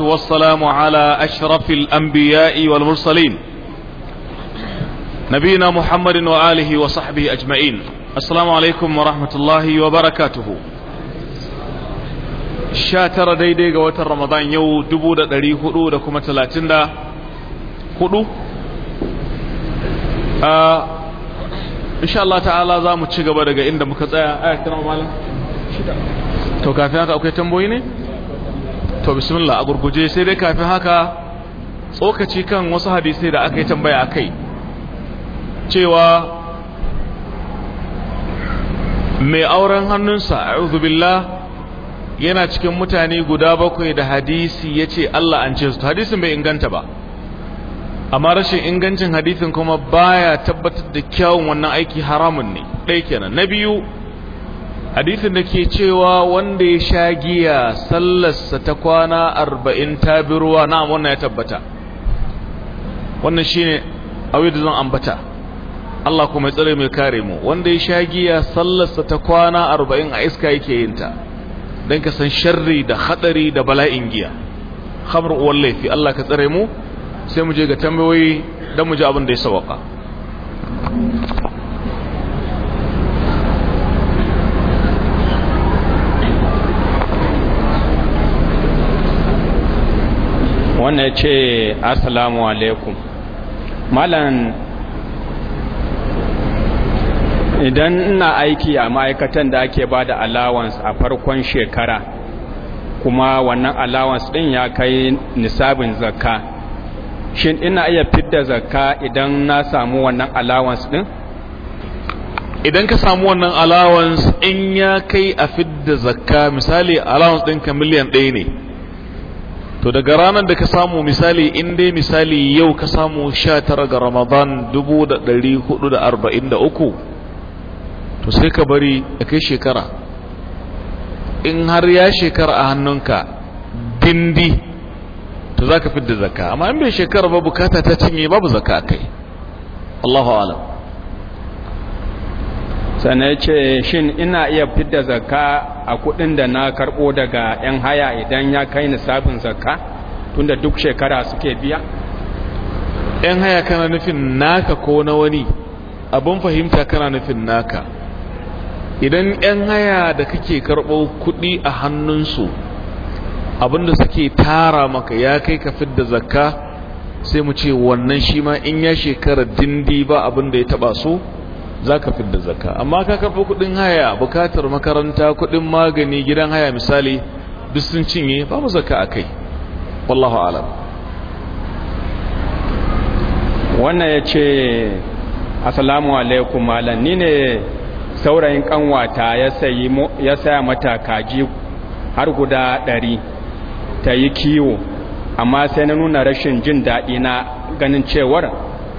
والسلام على أشرف الأنبياء والمرسلين نبينا محمد وآله وصحبه أجمعين السلام عليكم ورحمة الله وبركاته شاتر ديدي قوات رمضان يو دبو دا داري هدو دا كما تلاتين دا هدو آه إن شاء الله تعالى زامو تشيغ بدقى إن دا مكتايا آية كنا مالا تو كافيات أوكي تنبويني to bismillah a gurguje sai dai kafin haka tsokaci kan wasu hadisai da aka yi tambaya akai cewa mai auren hannunsa a'udhu billah yana cikin mutane guda bakwai da hadisi yace Allah an ce su hadisin bai inganta ba amma rashin ingancin hadisin kuma baya tabbatar da kyawun wannan aiki haramun ne ɗaya kenan na biyu hadisin da ke cewa wanda ya sha giya sallarsa ta kwana arba'in ta bi ruwa na wannan ya tabbata wannan shi ne da zan ambata Allah kuma ya tsare mai kare mu wanda ya sha giya sallarsa ta kwana arba'in a iska yake yinta ta don ka san sharri da hadari da bala'in giya khamr uwar laifi Allah ka tsare mu sai mu je ga tambayoyi don mu ji abin da ya sawaka ce assalamu alaikum malam idan ina aiki a ma'aikatan da ake ba da allowance a farkon shekara kuma wannan allowance din ya kai nisabin zakka shin ina iya fidda zakka idan na samu wannan allowance din idan ka samu wannan allowance in ya kai a fidda zakka misali allowance ɗinka miliyan ɗaya ne to daga ranar da ka samu misali in dai misali yau ka samu 19 ga ramadan dubu da hudu da arba'in da uku to sai ka bari a kai shekara in har ya shekara a hannunka dindi to za ka fidda zaka amma in bai shekara ba bukata ta cinye babu zaka kai allahu alam sannan ce shin ina iya fidda zaka a kuɗin da na karbo daga 'yan haya idan ya kai nisabin zakka tunda duk shekara suke biya 'yan haya kana nufin naka ko na wani abin fahimta kana nufin naka idan 'yan haya da kake karbo kuɗi a hannunsu abinda suke tara maka ya kai ka fidda zakka sai mu ce wannan shi ma in ya shekara dindi ba abinda ya taɓa so za ka fidda zaka amma ka kafa kudin haya bukatar makaranta kudin magani gidan haya misali sun cinye mu zaka a kai wallahu alam wannan ya ce assalamu alaikum malam ni ne saurayin kanwata ya saya mata kaji har guda ɗari ta yi kiwo amma sai na nuna rashin jin daɗi na ganin cewar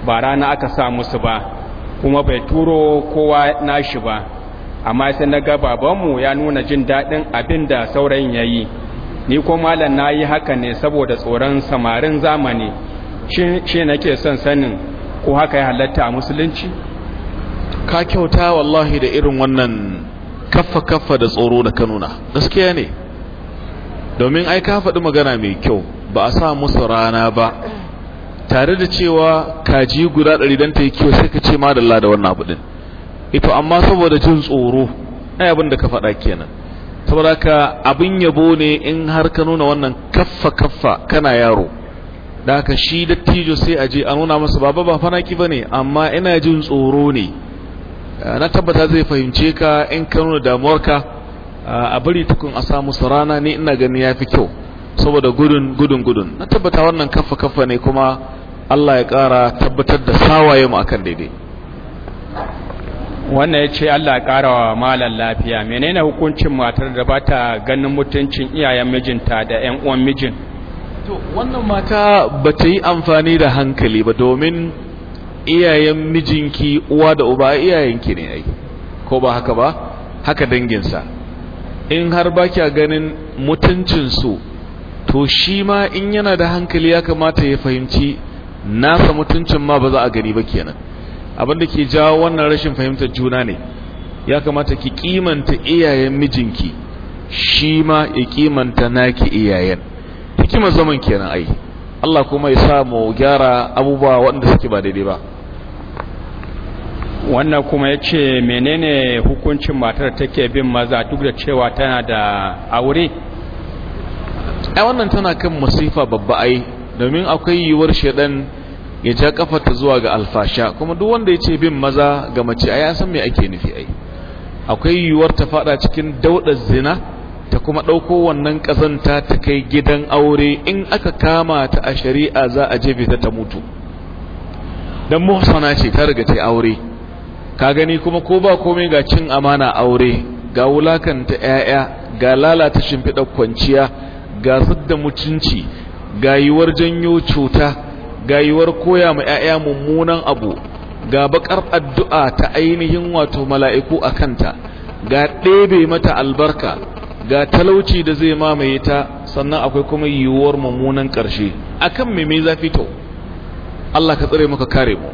ba rana aka sa musu ba kuma bai turo kowa nashi ba amma sai na ga babanmu ya nuna jin daɗin abin da saurayin ya yi ni ko malam na yi haka ne saboda tsoron samarin zamani shi nake son sanin ko haka ya halatta a musulunci ka kyauta wallahi da irin wannan kafa kafa da tsoro da kanuna gaskiya ne domin ai ka faɗi magana mai kyau ba a sa musu rana ba tare da cewa kaji guda ɗari don ta yi kyau sai ka ce ma da wannan abu ɗin ito amma saboda jin tsoro ai abin da ka faɗa kenan saboda ka abin yabo ne in har ka nuna wannan kaffa kaffa kana yaro da ka shi dattijo sai a je a nuna masa baba ba fanaki ba ne amma ina jin tsoro ne ah, na tabbata zai fahimce ka in ka nuna damuwarka ah, a bari tukun a samu rana ne ina gani ya fi kyau saboda gudun gudun gudun na tabbata wannan kaffa kaffa ne kuma Allah ya ƙara tabbatar da sawaye mu akan daidai wannan ya ce Allah ya ƙara wa malar lafiya menene hukuncin matar da ba ta ganin mutuncin iyayen mijinta da ƴan uwan mijin to wannan mata ba ta yi amfani da hankali ba domin iyayen mijinki uwa da uba iyayenki ne ai ko ba haka ba haka danginsa in har ba kya ganin mutuncinsu to shi ma in yana da hankali ya kamata ya fahimci nasa mutuncin ma ba za a gani ba kenan abin da ke jawo wannan rashin fahimtar juna ne ya kamata ki kimanta iyayen mijinki shi ma ya kimanta naki iyayen hikimar zaman kenan ai Allah kuma ya samu gyara abubuwa waɗanda suke ba daidai ba wannan kuma ya ce menene hukuncin matar take bin maza duk da cewa tana da aure ai wannan tana kan masifa babba ai domin akwai yiwuwar shaidan ya ja kafarta zuwa ga alfasha kuma duk wanda ya ce bin maza ga mace a san mai ake nufi ai akwai yiwuwar ta fada cikin daudar zina ta kuma dauko wannan kazanta ta kai gidan aure in aka kama ta a shari'a za a jefe ta ta mutu dan muhsana ce ta riga ta aure ka gani kuma ko ba komai ga cin amana aure ga wulakanta 'ya'ya ga lalata shimfiɗar kwanciya ga da mutunci gayuwar janyo cuta gayuwar koya ma 'ya'ya mummunan abu ga bakar addu'a ta ainihin wato mala'iku a kanta ga ɗebe mata albarka ga talauci da zai mamaye ta sannan akwai kuma yiwuwar mummunan ƙarshe akan me mai zafi to Allah ka tsare maka kare mu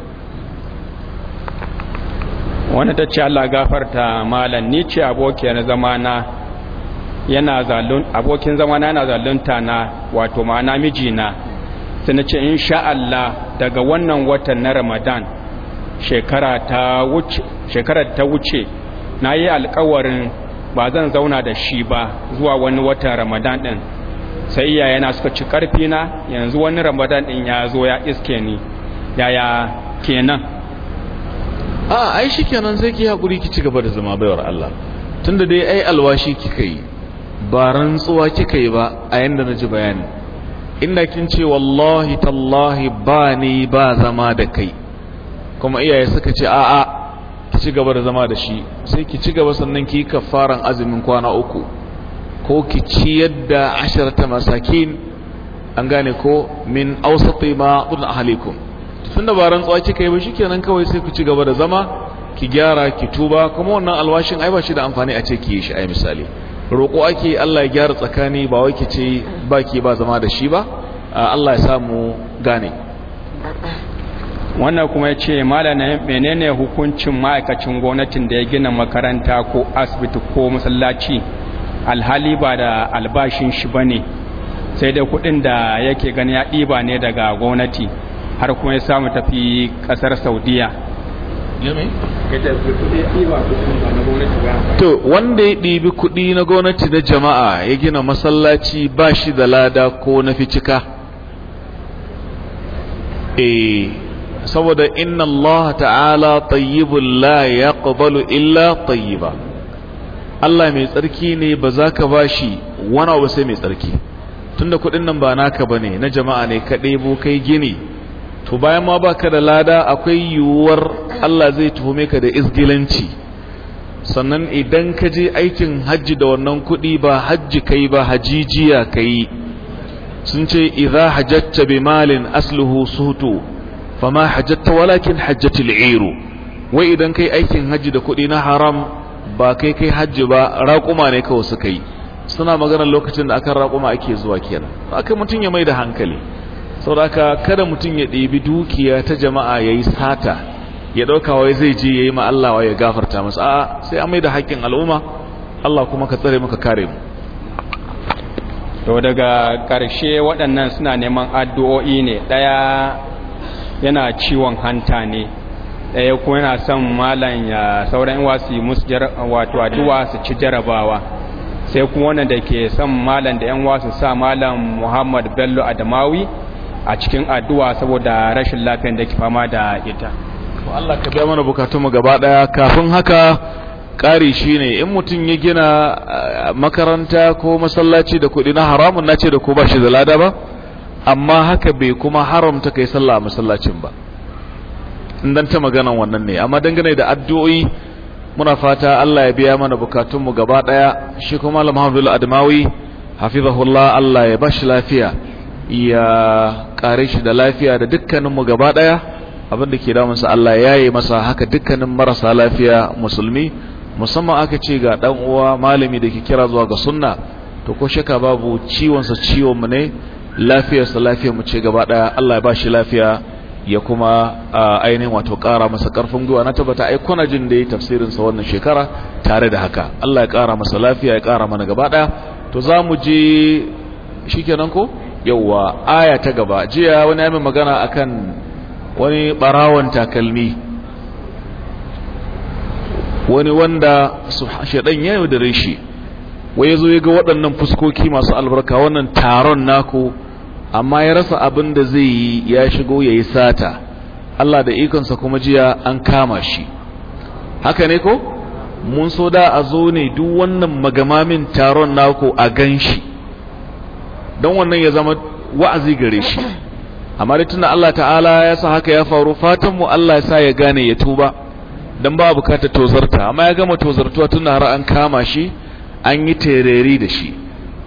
wani ta ce Allah gafarta malam ni ce abokiya na zamana yana zalun abokin zama na yana zalunta na wato ma'ana mijina sai na ce insha Allah daga wannan watan na Ramadan shekara ta wuce shekarar ta wuce nayi alƙawarin ba zan zauna da shi ba zuwa wani watan Ramadan din sai yana suka ci karfi na yanzu wani Ramadan din ya zo ya iske ni yaya kenan a ah, ai shikenan sai ki hakuri ki ci gaba da zama baiwar Allah tunda dai ai alwashi kika yi ba rantsuwa kika yi ba a yanda na ji bayani inda kin ce wallahi tallahi ba ni ba zama da kai kuma iyaye suka ce a'a ki ci gaba da zama da shi sai ki ci gaba sannan ki kafaran azumin kwana uku ko ki ci yadda ta masakin an gane ko min ausati ma qul ahlikum tunda ba rantsuwa kika yi ba kenan kawai sai ku ci gaba da zama ki gyara ki tuba kuma wannan alwashin ai ba shi da amfani a ce ki yi shi ai misali roƙo ake Allah ya gyara tsakani ba wai kice baki ba zama da shi ba Allah ya samu gane wannan kuma yace malana menene hukuncin ma'aikacin gwamnatin da ya gina makaranta ko asibiti ko masallaci alhali ba da albashin shi bane sai dai kudin da yake gani ya ɗiba ne daga gwamnati har kuma ya samu tafi ƙasar saudiya to wanda ya ɗibi kuɗi na gwamnati na jama'a ya gina masallaci ba shi da lada ko na fi cika. eh saboda inna Allah ta'ala tayyibun la yaqbalu illa tayyiba Allah mai tsarki ne ba za ka ba shi wani abu sai mai tsarki tunda kuɗin nan ba naka ba ne na jama'a ne ka ɗebo kai gini to bayan ma baka da lada akwai yiwuwar Allah zai tuhume ka da izgilanci sannan idan ka je aikin hajji da wannan kuɗi ba hajji kai ba hajijiya kai sun ce idza hajjatta bi malin asluhu suhtu fama hajjatta walakin hajjatil wai idan kai aikin hajji da kuɗi na haram ba kai kai hajji ba raƙuma ne kawai suka yi suna maganar lokacin da akan raƙuma ake zuwa kenan akai mutum ya mai da hankali sauraka kada mutum ya ɗebi dukiya ta jama'a ya yi sata ya ɗauka wai zai je ya yi ma Allah ya gafarta masu a sai amai da haƙƙin al'umma Allah kuma ka tsare maka kare mu to daga ƙarshe waɗannan suna neman addu'o'i ne ɗaya yana ciwon hanta ne ɗaya kuma yana son malam ya sauran wasu musu wato addu'a su ci jarabawa sai kuma wanda ke son malam da yan wasu sa malam muhammad bello adamawi a cikin addu'a saboda rashin lafiyar da ke fama da ita Allah ka biya mana bukatunmu gaba daya kafin haka ƙari shine in mutum ya gina eh, makaranta ko masallaci da kuɗi na haramun na ce da ko ba shi da lada ba amma haka bai kuma haramta kai sallah a masallacin ba In dan ta maganan wannan ne amma dangane da addu'o'i muna fata Allah ya biya mana bukatunmu gaba daya shi kuma Admawi hafizahullah Allah ya bashi lafiya ya kare shi da lafiya da dukkaninmu gaba daya abinda ke damunsa Allah ya yi masa haka dukkanin marasa lafiya musulmi musamman aka ce ga dan uwa malami da ke kira zuwa ga sunna to ko shaka babu ciwonsa ciwon mu ne lafiyarsa lafiyar mu ce gaba daya Allah ya ba shi lafiya ya kuma ainihin wato ƙara masa karfin gwiwa na tabbata ai kuna jin da yi tafsirin sa wannan shekara tare da haka Allah ya kara masa lafiya ya kara mana gaba daya to za mu je shikenan ko yauwa aya ta gaba jiya wani yamin magana akan wani barawon takalmi wani wanda shaɗan ya yaudare shi wai zo ya ga waɗannan fuskoki masu albarka wannan taron naku amma ya rasa abin da zai yi ya shigo ya yi sata Allah da ikonsa kuma jiya an kama shi haka ne ko mun so da a zo ne duk wannan magamamin taron naku a gan shi don wannan ya zama wa'azi gare shi amma da tunan Allah ta'ala ya sa haka ya faru fatan mu Allah ya sa ya gane ya tuba don ba bukatar tozarta amma ya gama tozartuwa tunda har an kama shi an yi tereri da shi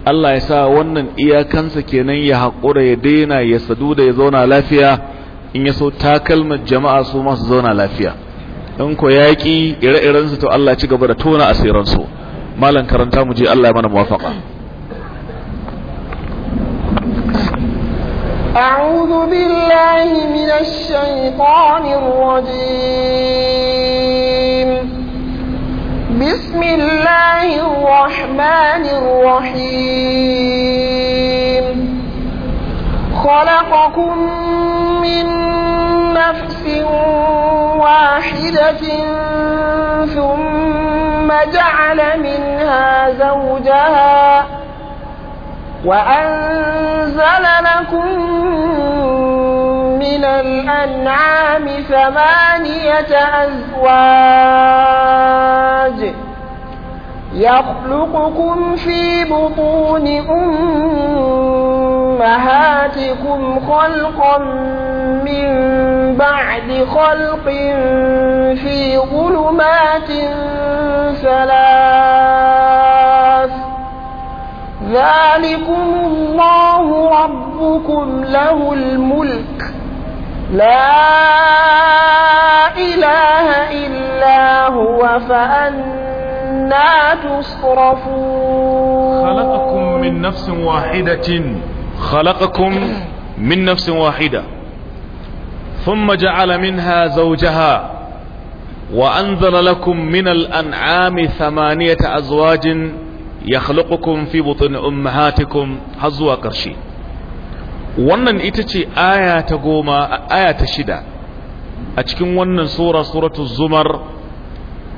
Allah ya sa wannan iyakansa kenan ya haƙura ya daina ya sadu da ya zauna lafiya in ya so takalmar jama'a su masu zauna lafiya in ko yaƙi ire-irensu to Allah ci gaba da tona asiransu malam karanta mu je Allah ya mana muwafaqa أعوذ بالله من الشيطان الرجيم بسم الله الرحمن الرحيم خلقكم من نفس واحدة ثم جعل منها زوجها وأن نزل لكم من الأنعام ثمانية أزواج يخلقكم في بطون أمهاتكم خلقا من بعد خلق في ظلمات ثلاث ذلكم الله ربكم له الملك لا إله إلا هو فأنا تصرفون خلقكم من نفس واحدة خلقكم من نفس واحدة ثم جعل منها زوجها وأنزل لكم من الأنعام ثمانية أزواج yakhluqukum fi butun ummahatikum har zuwa ƙarshe wannan ita ce aya ta goma aya ta shida a cikin wannan sura suratul zumar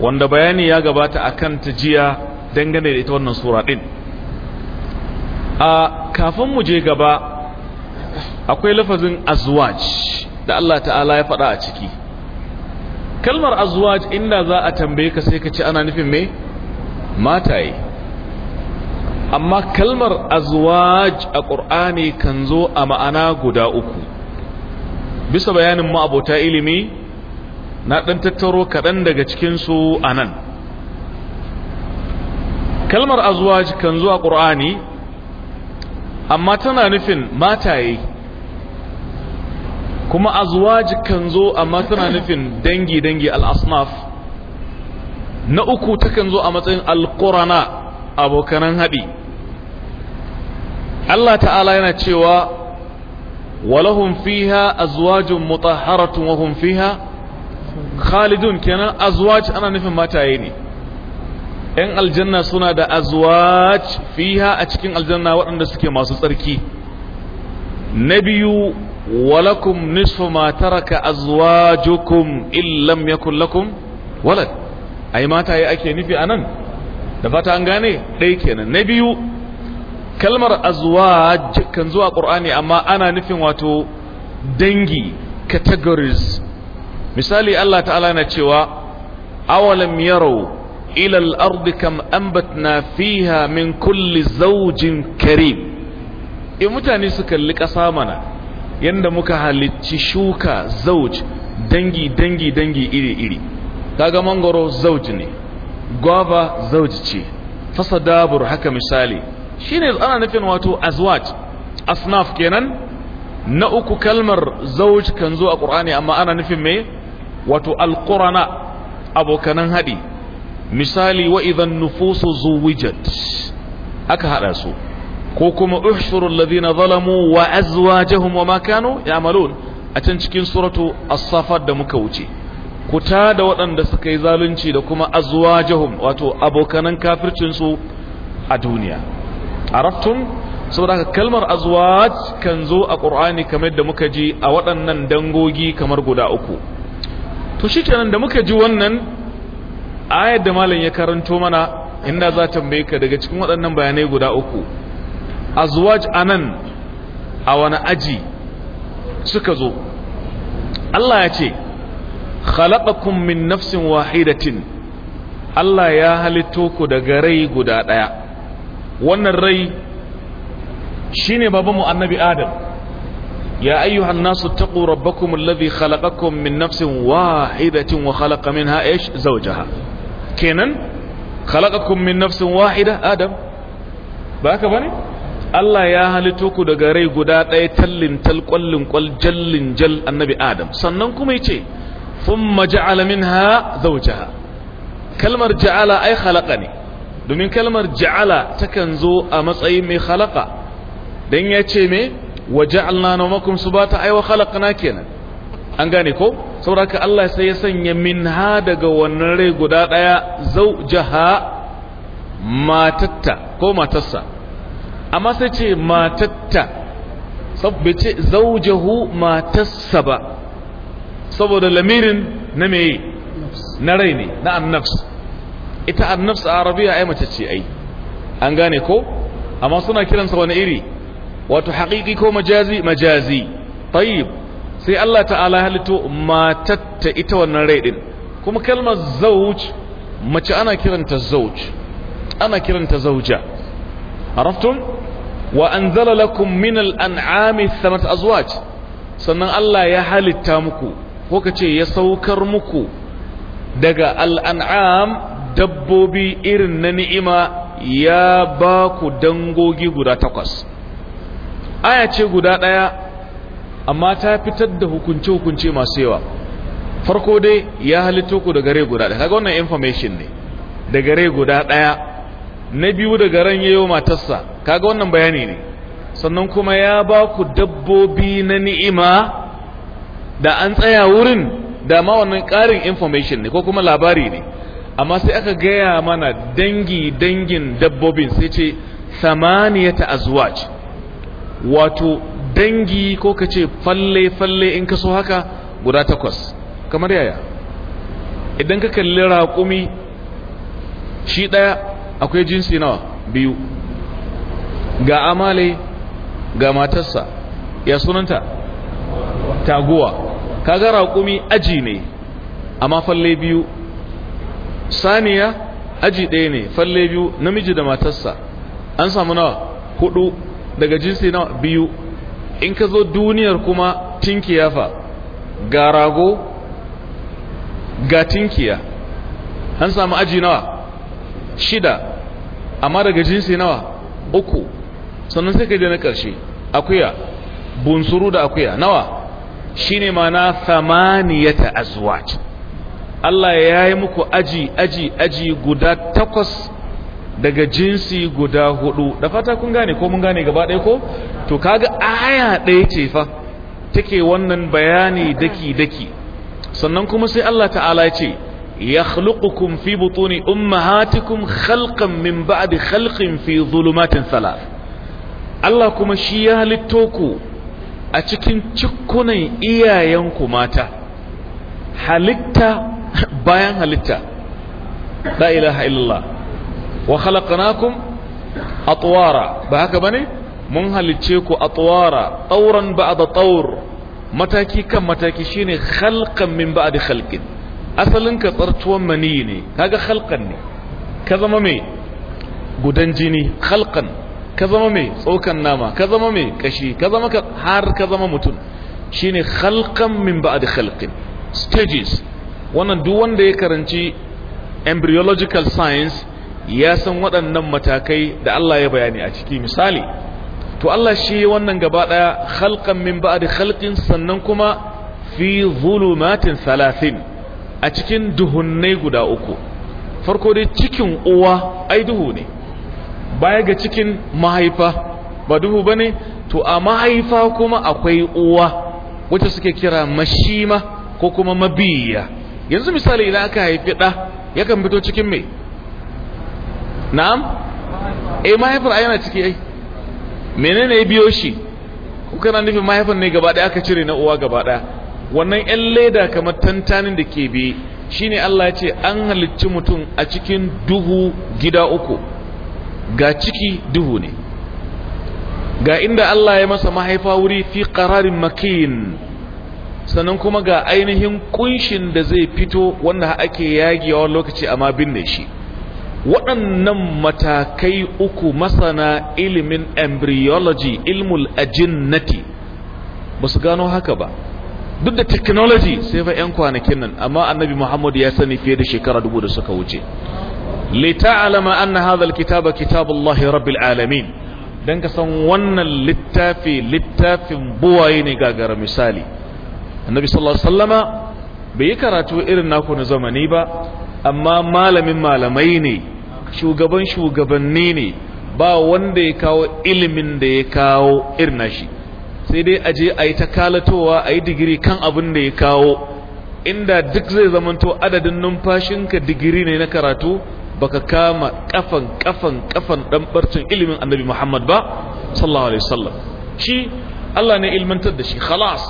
wanda bayani ya gabata akan jiya dangane da ita wannan sura ɗin. a kafin mu je gaba akwai lafazin azwaj da Allah ta'ala ya faɗa a ciki kalmar azwaj inda za a tambaye ka sai ka ci ana nufin me mataye amma kalmar azwaj a ƙur'ani kan zo a ma'ana guda uku bisa bayanin ma'abota ilimi na ɗan tattaro kaɗan daga cikinsu a nan kalmar azwaj kan zo a ƙur'ani amma tana nufin mataye kuma azwaj kan zo amma tana nufin dangi-dangi al'asnaf na uku ta kan zo a matsayin alƙurana abokanan haɗi Allah ta'ala yana cewa walahum fiha azwajun mutahharatun wa fiha khalidun kenan azwaj ana nufin mataye ne ‘yan aljanna suna da azwaj fiha a cikin aljanna waɗanda suke masu tsarki na biyu walakum nisfu ma taraka azwajukum illam yakun lakum walad ai mataye ake nufi anan da fata an gane ɗaya kenan na biyu kalmar azwaj kan zuwa qur'ani amma ana nufin wato dangi categories misali Allah ta'ala na cewa awalam yarau ila al-ard kam anbatna fiha min kulli zawjin karim in eh, mutane su kalli ƙasa mana yanda muka halicci shuka zauj dangi dangi dangi iri iri kaga mangoro zauj ne guava zauj ce fasadabur haka misali shine ana nufin wato azwaj asnaf kenan na uku kalmar zauj kan zo a ƙur'ani amma ana nufin me wato alqurana abokanan haɗi. misali wa idan nufusu zuwijat aka haɗa su ko kuma uhshuru alladhina zalamu wa jihun wa ma ya ya'malun a can cikin suratu asafar da muka wuce ku ta da waɗanda suka yi zalunci da kuma jihun wato abokanan kafircinsu a duniya Arabtun saboda haka kalmar azwaj kan zo a qur'ani kamar da muka ji a waɗannan dangogi kamar guda uku to kenan da muka ji wannan ayar da malam ya karanto mana inda za ta tambaye ka daga cikin waɗannan bayanai guda uku azwaj anan a wani aji suka zo Allah ya ce khalaqakum min nafsin wahidatin Allah ya halitto ku daga rai guda ɗaya wannan rai shi ne babanmu annabi adam ya ayyuhan nasu taqu rabbakum alladhi khalaqakum min nafsin wahidatin wa khalaqa minha ish zawjaha kenan khalaqakum min nafsin wahida adam ba haka bane Allah ya halitto ku daga rai guda ɗaya tallin talƙwallin ƙwal jallin jal annabi Adam sannan kuma yace thumma ja'ala minha zawjaha kalmar ja'ala ai khalaqa ne domin kalmar ja'ala takan zo a matsayin mai khalaka dan ya ce me wa su ba ta aiwa khalaka na kenan an gane ko sauraka Allah sai ya sanya min ha daga wannan rai guda daya zaujaha matatta ko matarsa amma sai ce matatta sabbe ce zau zaujahu matarsa ba saboda lamirin na me na rai ne na annafsu ita annafsu arabiya ai mace ce ai an gane ko amma suna kiransa wani iri wato haƙiƙi ko majazi majazi tayyib sai Allah ta'ala halitto matatta ita wannan rai din kuma kalmar zauj mace ana kiranta zauj ana kiranta zauja araftum wa anzala lakum min al-an'ami thamat azwaj sannan Allah ya halitta muku ko kace ya saukar muku daga al-an'am dabbobi irin na ni'ima ya ba ku dangogi guda takwas aya ce guda ɗaya amma ta fitar da hukunce-hukunce masu yawa farko dai ya halitto ku da gare guda ɗaya kaga wannan information ne da gare guda ɗaya na biyu da garen yayo matarsa kaga wannan bayani ne sannan kuma ya ba ku dabbobi na ni'ima da an tsaya wurin da ma wannan ƙarin information ne ko kuma labari ne amma sai aka gaya mana dangi dangin dabbobin sai ce samaniyata azwaj wato dangi ko ka ce falle falle in ka so haka guda takwas kamar yaya idan ka kalli raƙumi shi ɗaya akwai jinsi nawa biyu ga amale ga matarsa ya sunanta taguwa Ka kaga raƙumi aji ne amma falle biyu saniya aji ɗaya ne falle biyu namiji da matarsa an samu nawa hudu daga jinsi nawa biyu in ka zo duniyar kuma tinkiya fa ga rago ga tinkiya an samu aji nawa shida amma daga jinsi nawa uku sannan sai ka je na ƙarshe akuya bunsuru da akuya nawa shine mana ta azwat. Allah ya yi muku aji aji aji guda takwas daga jinsi guda hudu da fata kun gane ko mun gane gaba ɗaya ko to kaga aya ɗaya ce fa take wannan bayani daki daki sannan kuma sai Allah ta'ala ce yakhluqukum fi butuni ummahatikum khalqan min ba'di khalqin fi dhulumatin thalath Allah kuma shi ya halitto ku a cikin cikkunan iyayenku mata halitta bayan halitta la ilaha illallah wa khalaqnakum atwara ba haka bane mun halicce ku atwara tauran ba'da taur mataki kan mataki shine khalqan min ba'di khalqin asalin ka tsartuwan mani ne kaga khalqan ne ka zama mai gudan jini khalqan ka zama mai tsokan nama ka zama mai kashi ka zama har ka zama mutum shine khalqan min ba'di khalqin stages wannan duk wanda ya karanci embryological science ya san waɗannan matakai da Allah ya bayani a ciki misali to Allah shi wannan gaba ɗaya halkan min ba'di halkin sannan kuma fi zulumatin salasin a cikin duhunnai guda uku farko dai cikin uwa ai duhu ne baya ga cikin mahaifa ba duhu bane to a mahaifa kuma akwai uwa wacce suke kira mashima ko kuma mabiya yanzu misali idan aka haifi ɗa kan fito cikin mai na'am eh mahaifar ayyana ciki ai menene ya biyo shi kuka na nufin mahaifar ne gaba ɗaya aka cire na uwa gaba ɗaya wannan yan leda kamar tantanin da ke bi shine Allah ya ce an halicci mutum a cikin duhu gida uku ga ciki duhu ne ga inda Allah ya masa mahaifa wuri fi qararin makin sannan kuma ga ainihin kunshin da zai fito wanda ake yagewa lokaci amma binne shi waɗannan matakai uku masana ilimin embryology ilmul ajinnati ba su gano haka ba duk da technology sai fa 'yan kwanakin nan amma annabi muhammadu ya sani fiye da shekara dubu da suka wuce alama anna hadha alkitaba kitabullahi rabbil alamin dan ka san wannan littafi littafin buwaye ne gagara misali annabi sallallahu alaihi wasallama bai yi karatu irin naku na zamani ba amma malamin malamai ne shugaban shugabanni ne ba wanda ya kawo ilimin da ya kawo irin nashi sai dai aje a yi ta kalatowa a yi digiri kan abin da ya kawo inda duk zai zamanto adadin numfashinka digiri ne na karatu baka kama kafan kafan kafan dan barcin ilimin annabi Muhammad ba sallallahu alaihi wasallam shi Allah ne ilmantar da shi khalas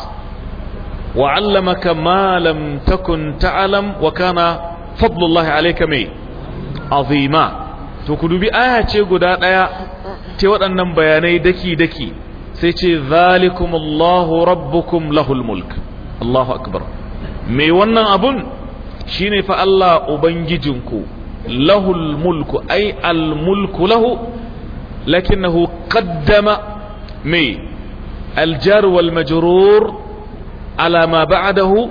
وعلمك ما لم تكن تعلم وكان فضل الله عليك مي عظيما تقول بآية قد آية تيوت أنم آية؟ بياني دكي دكي سيتي ذلكم الله ربكم له الملك الله أكبر مي ونن أبن شيني فألا أبنججنكو له الملك أي الملك له لكنه قدم مي الجار والمجرور ala ma ba'dahu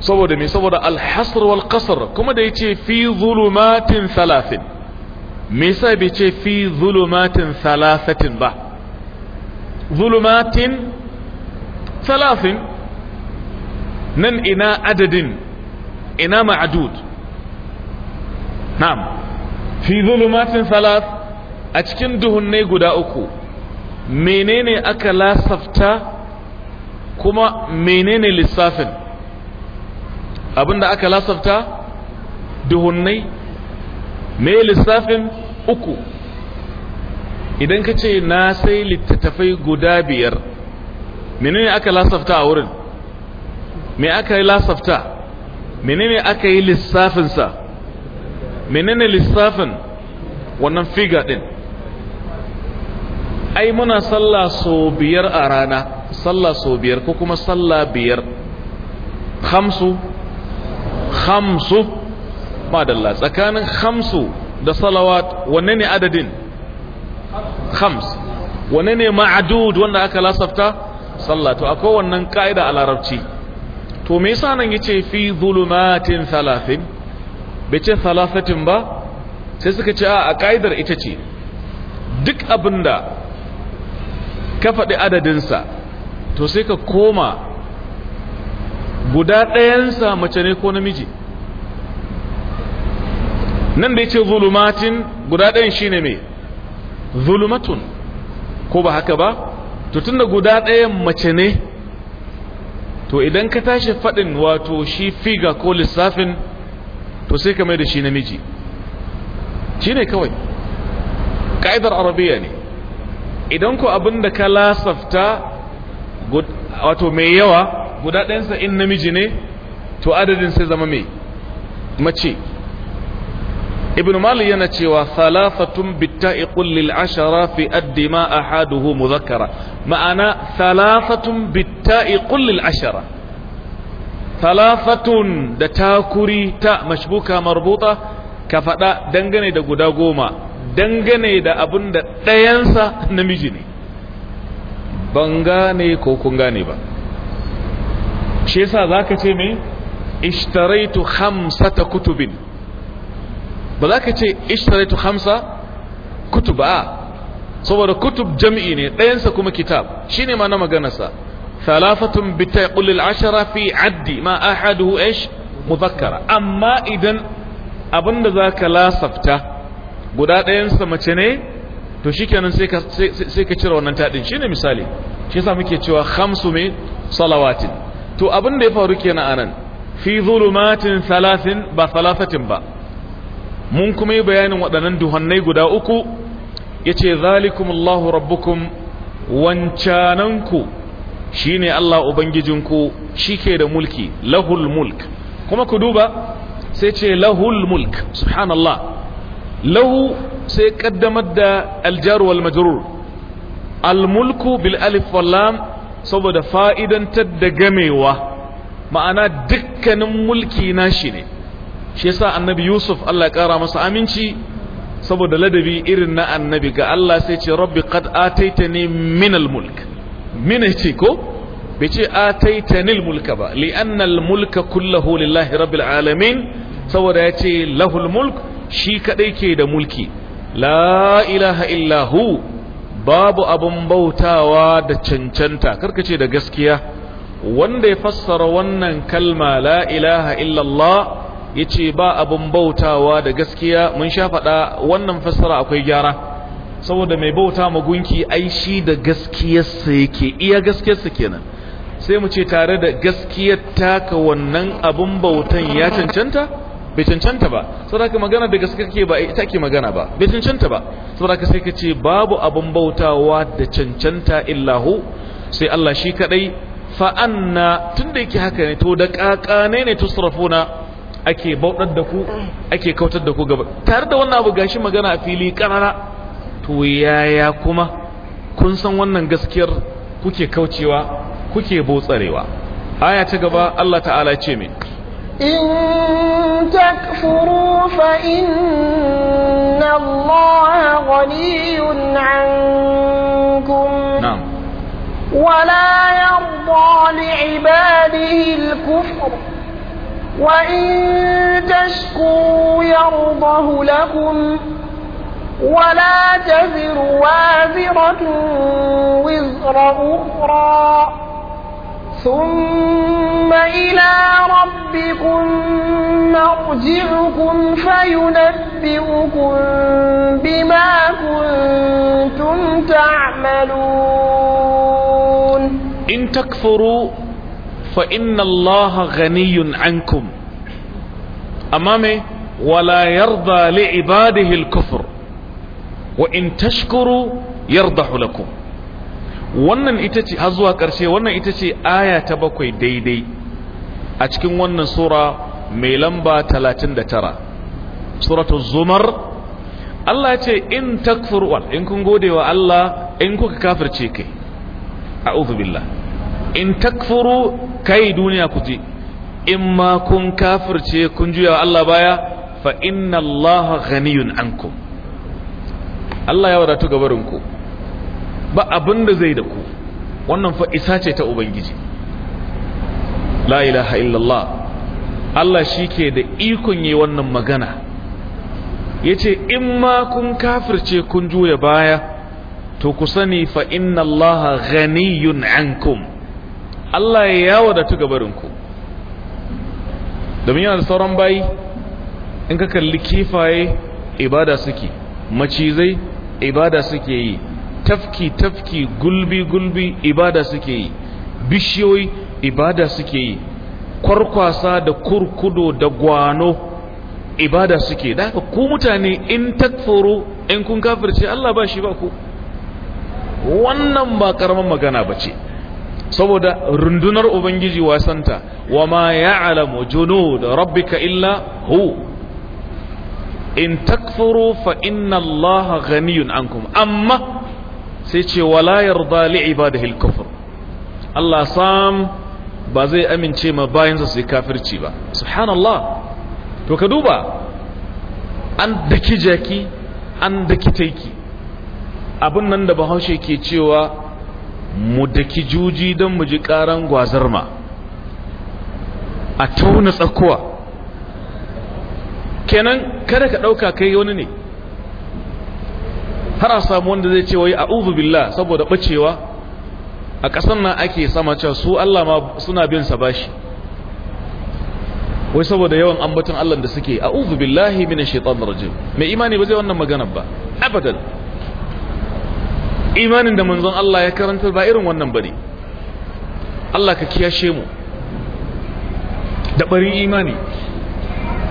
saboda me saboda al-hasr wal qasr kuma da yace fi zulumatin thalathin me yasa bai ce fi zulumatin thalathatin ba zulumatin thalathin nan ina adadin ina ma'adud na'am fi zulumatin thalath a cikin duhunne guda uku menene aka lasafta kuma menene lissafin abinda aka lasafta duhunnai me lissafin uku idan ka ce na sai littattafai guda biyar menene aka lasafta a wurin me aka yi lasafta menene aka yi lissafinsa menene lissafin wannan figa ɗin? ai muna sallah so biyar a rana sallah sau biyar ko kuma sallah biyar hamsu hamsu madalla tsakanin hamsu da salawat wanne ne adadin hams wanne ne ma'adud wanda aka lasafta sallah to akwai wannan ka'ida a larabci to me yasa nan yace fi zulumatin thalathin bace thalathatin ba sai suka ce a ka'idar ita ce duk abinda ka faɗi adadinsa to sai ka koma guda ɗayansa mace ne ko namiji nan da ya ce zulumatin guda ɗayan shi ne mai zulumatun ko ba haka ba to tun da guda ɗayan mace ne to idan ka tashi faɗin wato shi figa ko lissafin to sai ka mai da shi namiji shi ne kawai ƙa'idar arabiya ne idan ku abin da ka lasafta wato mai yawa guda ɗansa in namiji ne to adadin sai zama mai mace ibn malik yana cewa salafatun bitta'iqul lil ashara fi addima haduhu muzakkara ma'ana salafatun bitta'iqul lil ashara salafatun da takuri ta mashbuka marbuta ka faɗa dangane da guda goma dangane da abin da ɗayansa namiji ne ban gane ko kun gane ba shi yasa zaka ce me ishtaraitu khamsata kutubin ba zaka ce ishtaraitu hamsa kutuba a saboda kutub jam'i ne ɗayansa kuma kitab shine ne ma na magana maganarsa thalathatun bi al ashara fi addi ma ahaduhu ish mudhakkara amma idan abinda za ka lasafta guda ɗayansa mace ne to shikenan sai ka sai ka cire wannan tadin shine misali shi yasa muke cewa khamsu me salawatin to abin da ya faru kenan anan fi zulumatin thalathin ba thalathatin ba mun kuma yi bayanin waɗannan duhannai guda uku yace zalikumullahu rabbukum wancananku shine Allah ubangijinku shike da mulki lahul mulk kuma ku duba sai ce lahul mulk subhanallah lahu sai kaddamar da aljar wal majrur almulku bil alif wal lam saboda fa'idantar da gamewa ma'ana dukkanin mulki nashi ne shi yasa annabi yusuf Allah ya kara masa aminci saboda ladabi irin na annabi ga Allah sai ce rabbi qad ataitani min almulk min ce ko bai ce ataitani almulka ba li anna almulka kullahu lillahi rabbil alamin saboda ya ce lahul mulk shi kadai ke da mulki la ilaha illahu babu abun bautawa da cancanta ce da gaskiya wanda ya fassara wannan kalma la ilaha illallah ya ce ba abin bautawa da gaskiya mun sha faɗa wannan fassara akwai gyara saboda mai bauta magunki ai shi da gaskiyarsa yake iya gaskiyarsa kenan sai mu ce tare da gaskiyar taka wannan abin bautan ya cancanta bai cancanta ba saboda ka magana da gaske kake ba ita ke magana ba bai cancanta ba saboda ka sai ka ce babu abun bautawa da cancanta illahu sai Allah shi kadai fa anna tunda yake haka ne to da kakane ne tusrafuna ake bautar da ku ake kautar da ku gaba tare da wannan abu gashi magana a fili karara to yaya kuma kun san wannan gaskiyar kuke kaucewa kuke botsarewa aya ta gaba Allah ta'ala ya ce mai إن تكفروا فإن الله غني عنكم نعم ولا يرضى لعباده الكفر وإن تشكوا يرضه لكم ولا تزر وازرة وزر أخرى ثم إلى ربكم مرجعكم فينبئكم بما كنتم تعملون إن تكفروا فإن الله غني عنكم أمامه ولا يرضى لعباده الكفر وإن تشكروا يرضح لكم wannan ita ce har zuwa ƙarshe wannan ita ce aya ta bakwai daidai a cikin wannan sura mai lamba 39 suratul zumar Allah ya ce in takfur wal in kun gode wa Allah in kuka kafirce kai a'udhu billah in takfuru kai duniya ku ji in ma kun kafirce kun juya wa Allah baya fa inna Allah ghaniyun ankum Allah ya wadatu gabarinku ba abin da zai da ku wannan fa isa ce ta ubangiji la ilaha illallah Allah shi ke da ikon yi wannan magana ya ce in ma kun kafirce kun juya baya to ku sani fa inna allaha ghaniyun ankum Allah ya yawo da gabarinku domin yana da sauran bayi in ka kalli kifaye ibada suke macizai ibada suke yi tafki tafki gulbi gulbi ibada suke yi bishiyoyi ibada suke yi kwarkwasa da kurkudo da gwano ibada suke da haka ku mutane in takfuru in kun kafirce Allah ba shi ba ku wannan ba karamin magana ba ce saboda rundunar ubangiji wasanta wa ma da junud rabbika illa hu in takfuru fa inna ganiyun an ankum amma sai ce wala yarda li ibadihi al-kufr Allah sam ba zai amince ma bayansa su yi kafirci ba subhanallah to ka duba an daki jaki an daki taiki abin nan da bahaushe ke cewa mu daki juji don mu ji karan gwazarma a tauna tsakuwa kenan kada ka ɗauka kai wani ne har a samu wanda zai ce wai a'udhu billah saboda ɓacewa. a ƙasar nan ake sama cewa su Allah ma suna bin sa bashi wai saboda yawan ambaton Allah da suke a'udhu billahi minash shaitanir rajim mai imani ba zai wannan magana ba abadan imanin da manzon Allah ya karanta ba irin wannan bane Allah ka kiyashe mu da barin imani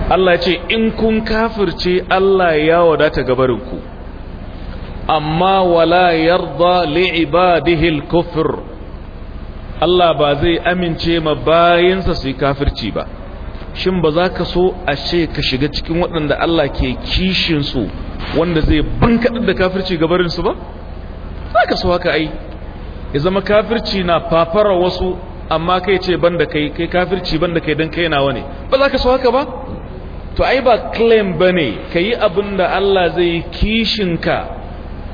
Allah ya ce in kun kafirce Allah ya wadata gabarinku amma wala yarda li'ibadihi al-kufr Allah ba zai amince ma bayinsa su yi kafirci ba shin ba za ka so a ce ka shiga cikin waɗanda Allah ke kishin su wanda zai bankaɗar da kafirci gabarinsu ba za ka so haka ai ya zama kafirci na fafara wasu amma kai ce banda kai kai kafirci banda kai don kai nawa ne ba za ka so haka ba to ai ba claim ba ne ka yi abin da Allah zai kishin ka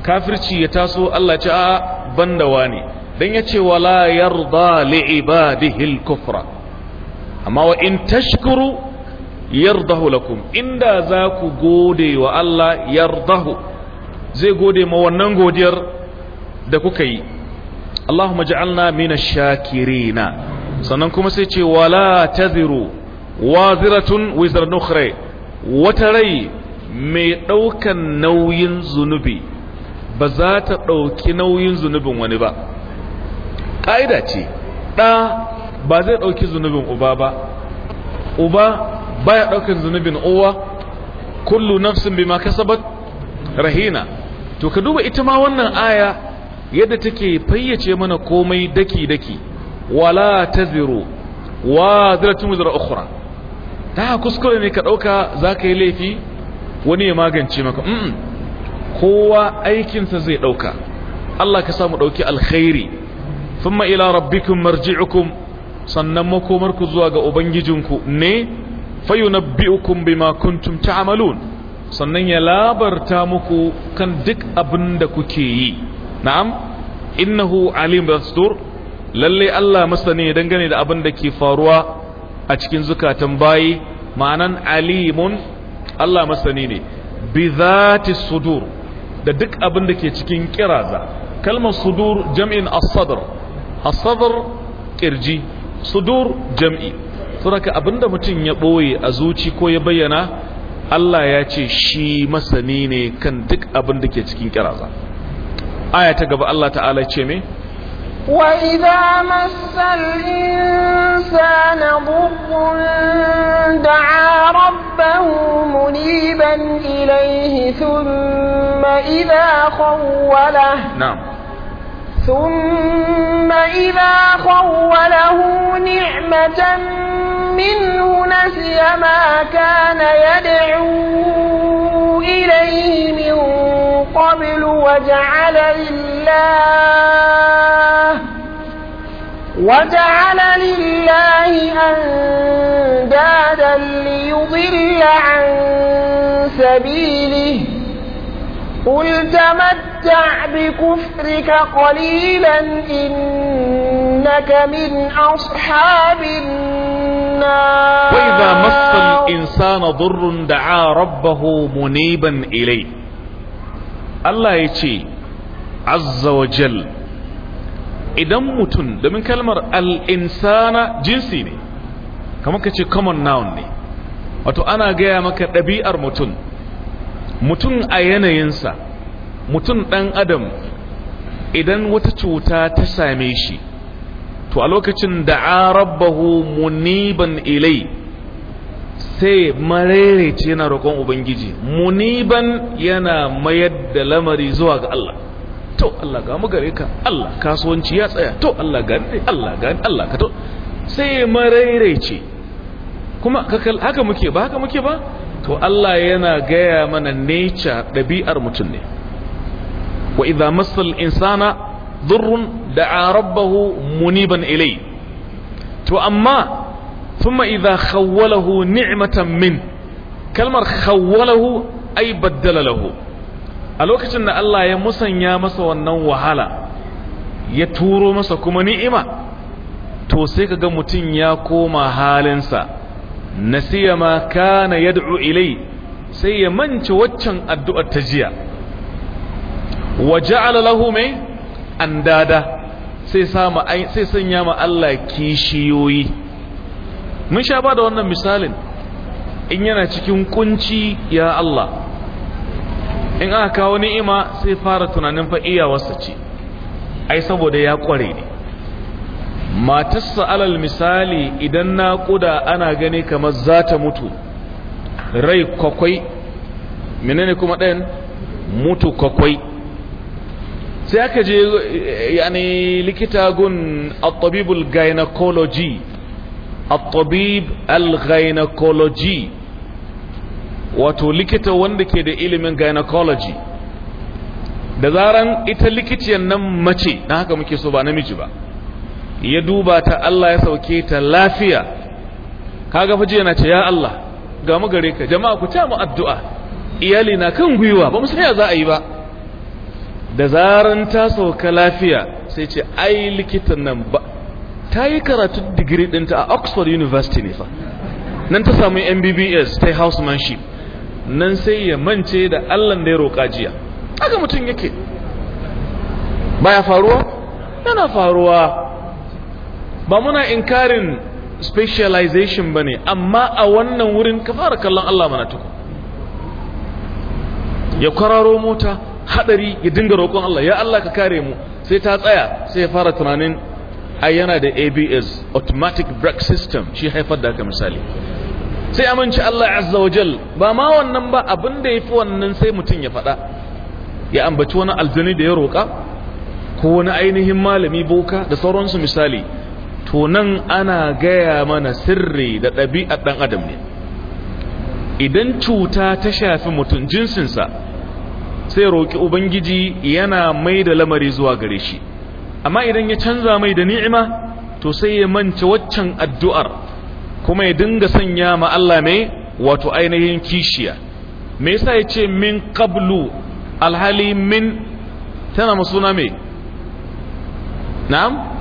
kafirci ya taso Allah ce a banda wani dan yace wala yarda li kufra amma wa in tashkuru yardahu lakum inda za ku gode wa Allah yardahu zai gode ma wannan godiyar da kuka yi Allahumma ja'alna minash shakirina sannan kuma sai ce wala tadhiru waziratun wizar nukhra wata rai mai ɗaukan nauyin zunubi ba za ta ɗauki nauyin zunubin wani ba ƙa'ida ce ɗa ba zai ɗauki zunubin uba ba uba ba ya ɗaukin zunubin uwa kullu nafsin bi ma kasabat rahina to ka duba ita ma wannan aya yadda take fayyace mana komai daki-daki wala taziru wa ziratun wuzar ukhra ta kuskure ne ka ɗauka za ka yi laifi wani ya magance maka kowa aikinsa zai ɗauka Allah ka samu ɗauki alkhairi thumma ila rabbikum marji'ukum sannan makomarku zuwa ga ubangijinku ne fayunabbi'ukum bima kuntum ta'malun sannan ya labarta muku kan duk abin da kuke yi na'am innahu alim bastur lalle Allah masani dangane da abin da ke faruwa a cikin zukatan bayi ma'anan alimun Allah masani ne bi zati sudur da duk abin da ke cikin kiraza kalmar sudur jam'in as-sadr as-sadr kirji sudur jam'i saboda abinda mutum ya boye a zuci ko ya bayyana Allah ya ce shi masani ne kan duk abin da ke cikin kiraza aya ta gaba Allah ta'ala ce me وإذا مس الإنسان ضر دعا ربه منيبا إليه ثم إذا خوله نعم ثم إذا خوله نعمة منه نسي ما كان يدعو إليه من قبل وجعل لله وجعل لله أندادا ليضل عن سبيله قل تمتع بكفرك قليلا إنك من أصحاب النار وإذا مس الإنسان ضر دعا ربه منيبا إليه الله يتي عز وجل idan mutum domin kalmar al'insana jinsi ne kamar ka ce common noun ne wato ana gaya maka ɗabi'ar mutum mutum a yanayinsa mutum ɗan adam idan wata cuta ta same shi to a lokacin da a rabbahu muniban ilai sai marerece yana roƙon ubangiji muniban yana mayar da lamari zuwa ga Allah to Allah ga gare ka Allah kasuwanci ya tsaya to Allah ga Allah ga Allah ka to sai marerece kuma haka muke ba haka muke ba to Allah yana gaya mana nature ɗabi'ar mutum ne wa idza masal insana durrun da'a rabbahu muniban ilai to amma thumma idza khawwalahu ni'matan min kalmar khawwalahu ay baddala lahu a lokacin da Allah ya musanya masa wannan wahala ya turo masa kuma ni'ima to sai kaga mutum ya koma halinsa nasiya ma kana yad'u ilai sai ya manci waccan addu'ar ta jiya wa ja'ala lahu mai andada sai sama sai sanya ma Allah kishiyoyi mun sha ba da wannan misalin in yana cikin kunci ya Allah in aka kawo ni'ima sai fara tunanin fa iyawarsa ce ai saboda ya kware ne matarsa alal misali idan na naƙuda ana gani kamar za ta mutu rai kwakwai menene kuma ɗayan mutu kwakwai sai aka je yani likita gun al-tabibul gynecology al al-gynecology wato likita wanda ke da ilimin gynecology da zaran ita likiciyar nan mace na haka muke so ba namiji ba ya duba ta Allah ya sauke ta lafiya kaga fa yana ce ya Allah ga mu gare ka jama'a ku ta mu addu'a iyali na kan gwiwa ba mu san ya za a yi ba da zaran ta sauka lafiya sai ce ai likitan nan ba ta yi karatu digiri ɗinta a Oxford University ne fa nan ta samu MBBS ta yi housemanship nan sai ya mance da Allah da ya roƙa jiya haka mutum yake baya faruwa yana faruwa ba muna inkarin specialization ba ne amma a wannan wurin ka fara kallon Allah mana tuku ya kwararo mota hadari ya dinga roƙon Allah ya Allah ka kare mu sai ta tsaya sai ya fara tunanin ai yana da ABS automatic brake system shi haifar da haka misali sai amince Allah azza wajal ba ma wannan ba abin da yafi wannan sai mutum ya faɗa ya ambaci wani aljani da ya roƙa ko wani ainihin malami boka da sauransu misali to nan ana gaya mana sirri da ɗabi'ar ɗan adam ne idan cuta ta shafi mutum jinsinsa sai Roki ubangiji yana mai da lamari zuwa gare shi amma idan ya canza mai da ni'ima to sai ya manta waccan addu'ar kuma ya dinga sanya ma Allah mai wato ainihin kishiya me yasa ya ce min qablu alhali min tana masuna mai na'am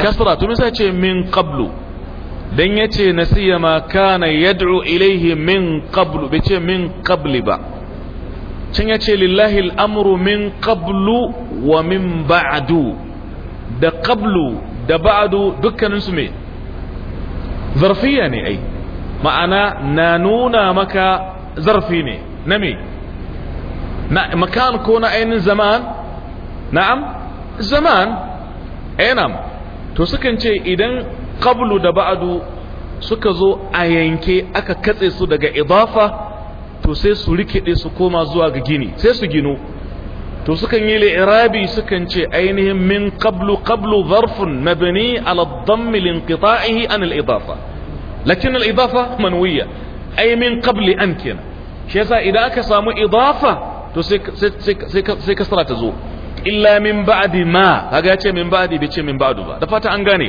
kasra to misa ce min qablu dan yace nasiya ma kana yad'u ilayhi min qablu bai ce min qabli ba can yace lillahi al'amru min qablu wa min ba'du da qablu da ba'du dukkanin su me zarfiya ne ai ma'ana na nuna maka zarfi ne na me na makan ko na ainin zaman na'am zaman enam eh, to sukan ce idan qablu da ba'du suka zo a yanke aka katse su daga idafa to sai su rikide su koma zuwa ga gini sai su gino to sukan yi li'irabi sukan ce ainihin min qablu qablu zarfun mabni ala dhamm linqita'ihi an al-idafa lakin al-idafa manwiya ay min qabli an shi yasa idan aka samu idafa to sai sai sai kasra ta zo illa min ba'di ma kaga yace min ba'di bai ce min ba'du ba da fata an gane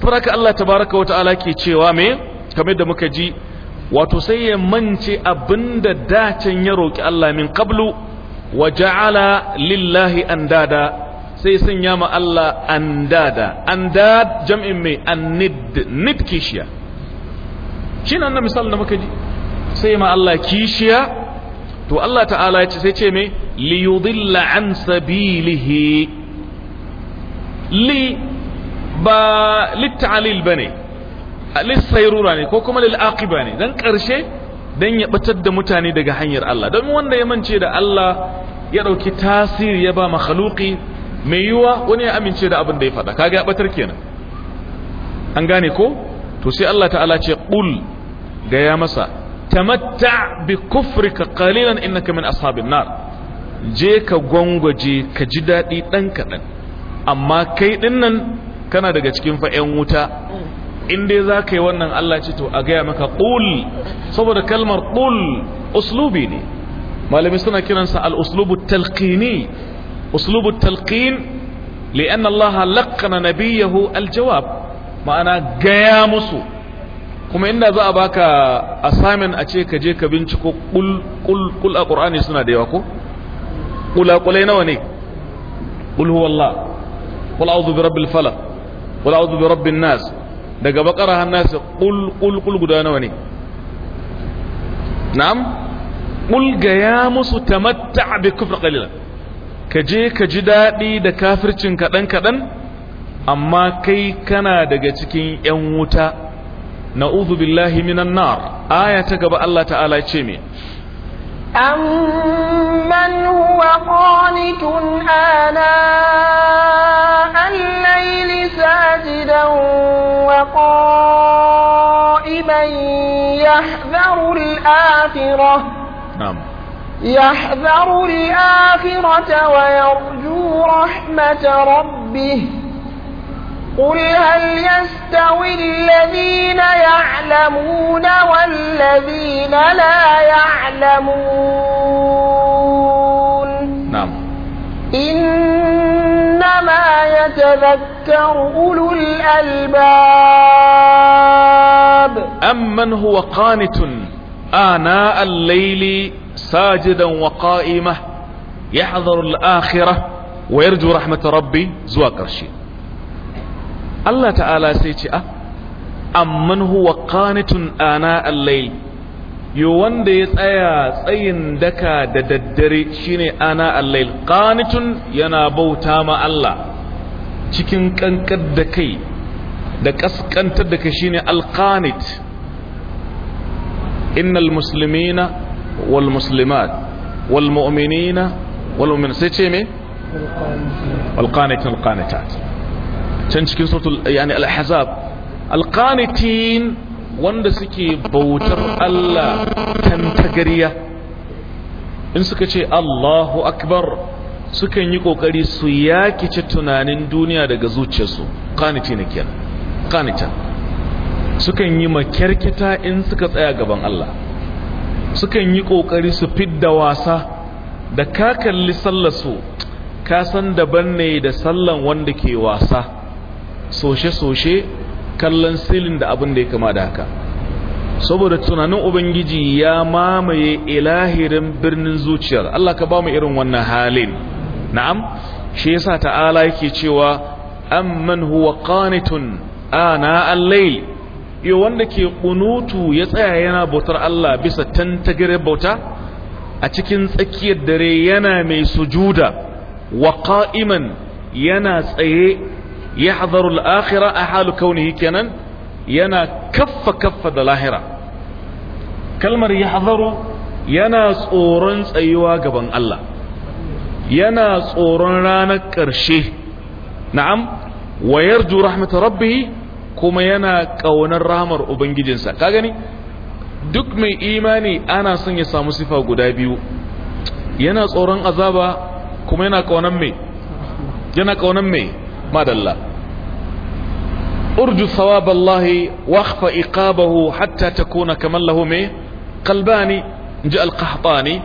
faraka Allah tabaraka wa ta'ala ke cewa me kamar da muka ji wato sai ya mance abinda dacen ya roki Allah min qablu wa ja'ala lillahi andada sai sun ma Allah andada andad jam'in mai annid nid kishiya shine annabi sallallahu alaihi muka ji sai ma Allah kishiya to Allah ta'ala ya ce sai ce me li yudilla an sabilihi li ba littalil bane lissairura ne ko kuma aqiba ne dan karshe dan ya batar da mutane daga hanyar Allah don wanda ya mance da Allah ya dauki tasiri ya ba makhluqi mai yiwa wani ya amince da abin da ya faɗa kaga ya batar kenan an gane ko to sai Allah ta'ala ce qul ga ya masa tamatta bi kufrika qalilan innaka kamin ashabin nar je ka gwangwaje ka ji dadi dan kadan amma kai dinnan kana daga cikin fayan wuta in dai za ka yi wannan Allah ce to a gaya maka ƙul saboda kalmar ƙul uslubi ne malami suna kiransa al'uslubu talqini uslubu talqin li'an Allah nabiyyahu aljawab ma'ana gaya musu kuma inda za a baka assignment a ce ka je ka binciko kul a ƙur'ani suna da yawa ko? ƙulaƙulai nawa ne ƙul huwallah ƙul auzu bi rabbil falaq ƙul auzu bi rabbin nas daga bakara har nasi ƙul ƙul guda nawa ne na'am ƙul ga ya musu tamatta bi kufr qalila ka je ka ji daɗi da kafircin kaɗan kaɗan amma kai kana daga cikin 'yan wuta نعوذ بالله من النار آية ta gaba Allah ta'ala ya ce أمن هو قانت آناء الليل ساجدا وقائما يحذر الآخرة نعم يحذر الآخرة ويرجو رحمة ربه قل هل يستوي الذين يعلمون والذين لا يعلمون نعم إنما يتذكر أولو الألباب أمن هو قانت آناء الليل ساجدا وقائمة يحضر الآخرة ويرجو رحمة ربي زواق رشيد Allah ta'ala sai ce a ah, amman huwa qanitun ana al-layl yo wanda ya tsaya tsayin daka da daddare shine ana al-layl qanitun yana bauta ma Allah cikin kankar da kai da kaskantar da kai shine al-qanit innal muslimina wal muslimat wal mu'minina wal mu'min sai ce me al-qanitun al-qanitat can cikin suratul yani al-ahzab wanda suke bautar Allah tantagariya in suka ce Allahu akbar sukan yi kokari su ci tunanin duniya daga zuciyarsu qanitin kenan qanitan sukan yi makyarkita in suka tsaya gaban Allah sukan yi kokari su fidda wasa da ka kalli sallarsu ka san daban ne da sallan wanda ke wasa soshe-soshe kallon silin da abin da ya kama da haka saboda tunanin ubangiji ya mamaye ilahirin birnin zuciyar Allah ka ba mu irin wannan halin na'am shi yasa ta'ala yake cewa amman huwa qanitun ana al-layl yo wanda ke kunutu ya tsaya yana bautar Allah bisa tantagare bauta a cikin tsakiyar dare yana mai sujuda wa qa'iman yana tsaye يحضر الآخرة أحال كونه كنا ينا كف كف دلاهرة كلمة يحضر ينا صورن سيوا قبن الله ينا صورن رانا كرشه نعم ويرجو رحمة ربه كما ينا كون الرامر أبنجي جنسا كاغني duk mai imani ana son ya samu sifa guda biyu yana tsoron azaba kuma yana kaunan mai yana kaunan mai madalla urju sawaballahi wakhfa iqabahu hatta takuna kaman lahu me qalbani ji alqahtani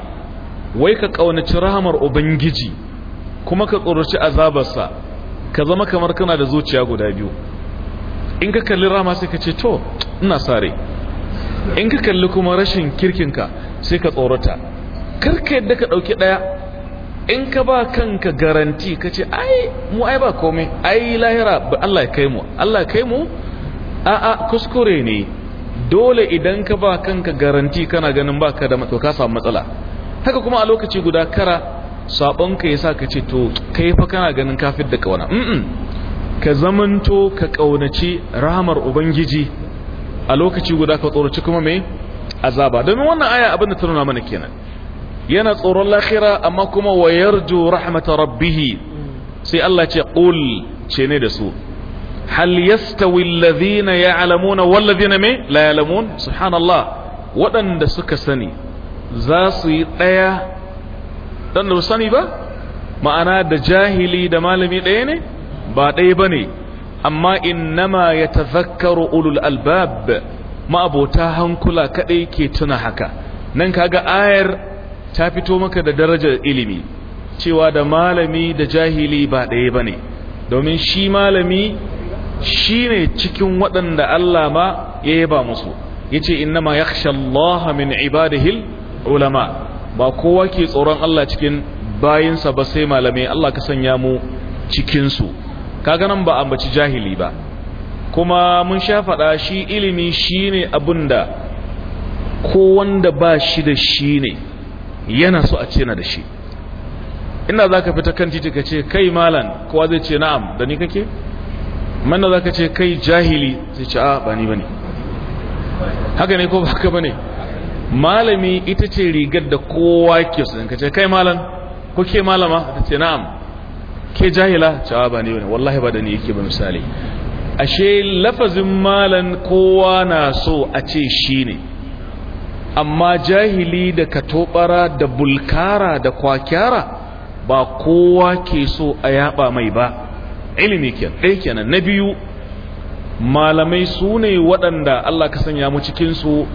wai ka kaunaci rahamar ubangiji kuma ka tsoroci azabarsa ka zama kamar kana da zuciya guda biyu in ka kalli rama sai ka ce to ina sare in ka kalli kuma rashin kirkinka sai ka tsorata karka yadda ka ɗauki ɗaya in ka ba kanka garanti ka ce ai mu ai ba komai ai lahira Allah ya kai mu Allah ya kai mu a a kuskure ne dole idan ka ba kanka garanti kana ganin ka da to ka samu matsala haka kuma a lokaci guda kara sabon ka yasa ka ce to kai fa kana ganin kafir da kauna mm ka zamanto ka kaunaci rahamar ubangiji a lokaci guda ka tsoraci kuma mai azaba domin wannan aya abinda ta nuna mana kenan yana tsoron lahira amma kuma wayar yarju rahmata rabbihi sai Allah ce qul ce ne da su hal yastawi alladhina ya'lamuna wal ladhina me la ya'lamun subhanallah waɗanda suka sani za su yi ɗaya dan da sani ba ma'ana da jahili da malami ɗaya ne ba ɗaya bane amma innama yatadhakkaru ulul albab ma'abota hankula kaɗai ke tuna haka nan kaga ayar ta fito maka da darajar ilimi cewa da malami da jahili ba ɗaya ba ne domin shi malami shi ne cikin waɗanda Allah ma ya yaba musu ya ce ma ya Allah min ibadahil ulama ba kowa ke tsoron Allah cikin bayinsa ba sai malami Allah ka sanya mu cikinsu kaga nan ba ambaci jahili ba kuma mun sha faɗa shi ilimi shi ne abin da ko wanda ba shi da shi ne yana so a ce na da shi ina za ka fita kan titi ka ce kai malan kowa zai ce na'am da ni kake manna za ka ce kai jahili zai ce a ba ni ba ne haka ne ko ba haka ba ne malami ita ce rigar da kowa ke su ka ce kai malan ko ke malama ta ce na'am ke jahila cewa a ba ni ba ne wallahi ba da ni yake ba misali ashe lafazin malan kowa na so a ce shi ne amma jahili da katobara da bulkara da kwakyara ba kowa ke so a yaba mai ba ilimi ɗaya kenan na biyu malamai su ne waɗanda Allah ka sanya mu cikinsu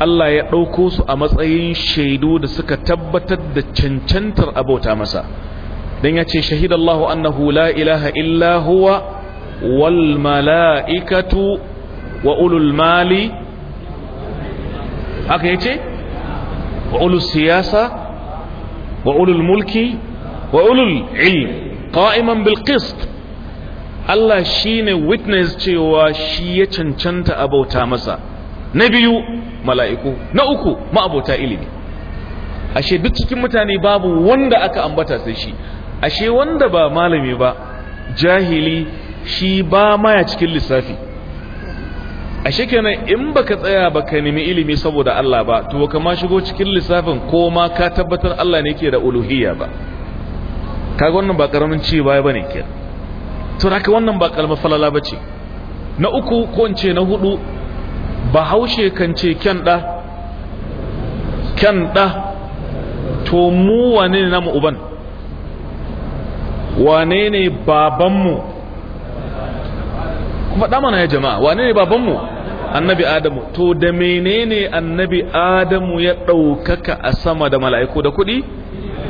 Allah ya ɗauko su a matsayin shaidu da suka tabbatar da cancantar abota masa don ya ce shahidallahu annahu la ilaha illa huwa wal mala'ikatu wa ulul mali haka ya ce wa ulul siyasa wa ulul mulki wa ulul ilm qa'iman bilkist Allah Allah ne witness cewa shi ya cancanta abauta masa na biyu mala'iku na uku ma'abauta ilimi ashe duk cikin mutane babu wanda aka ambata sai shi ashe wanda ba malami ba jahili shi ba maya cikin lissafi ashe kenan in baka tsaya baka nemi ilimi saboda Allah ba to kama shigo cikin lissafin ko ma ka tabbatar Allah ne ke da uluhiyya ba kaga wannan ba karamin ci baya bane ke to haka wannan ba kalma falala bace na uku ko in ce na hudu bahaushe kan ce kyan da kyan da to mu wane ne namu uban wane ne babanmu kuma da mana ya jama'a wane ne babanmu annabi adamu to da menene annabi adamu ya ɗaukaka a sama da mala'iku da kuɗi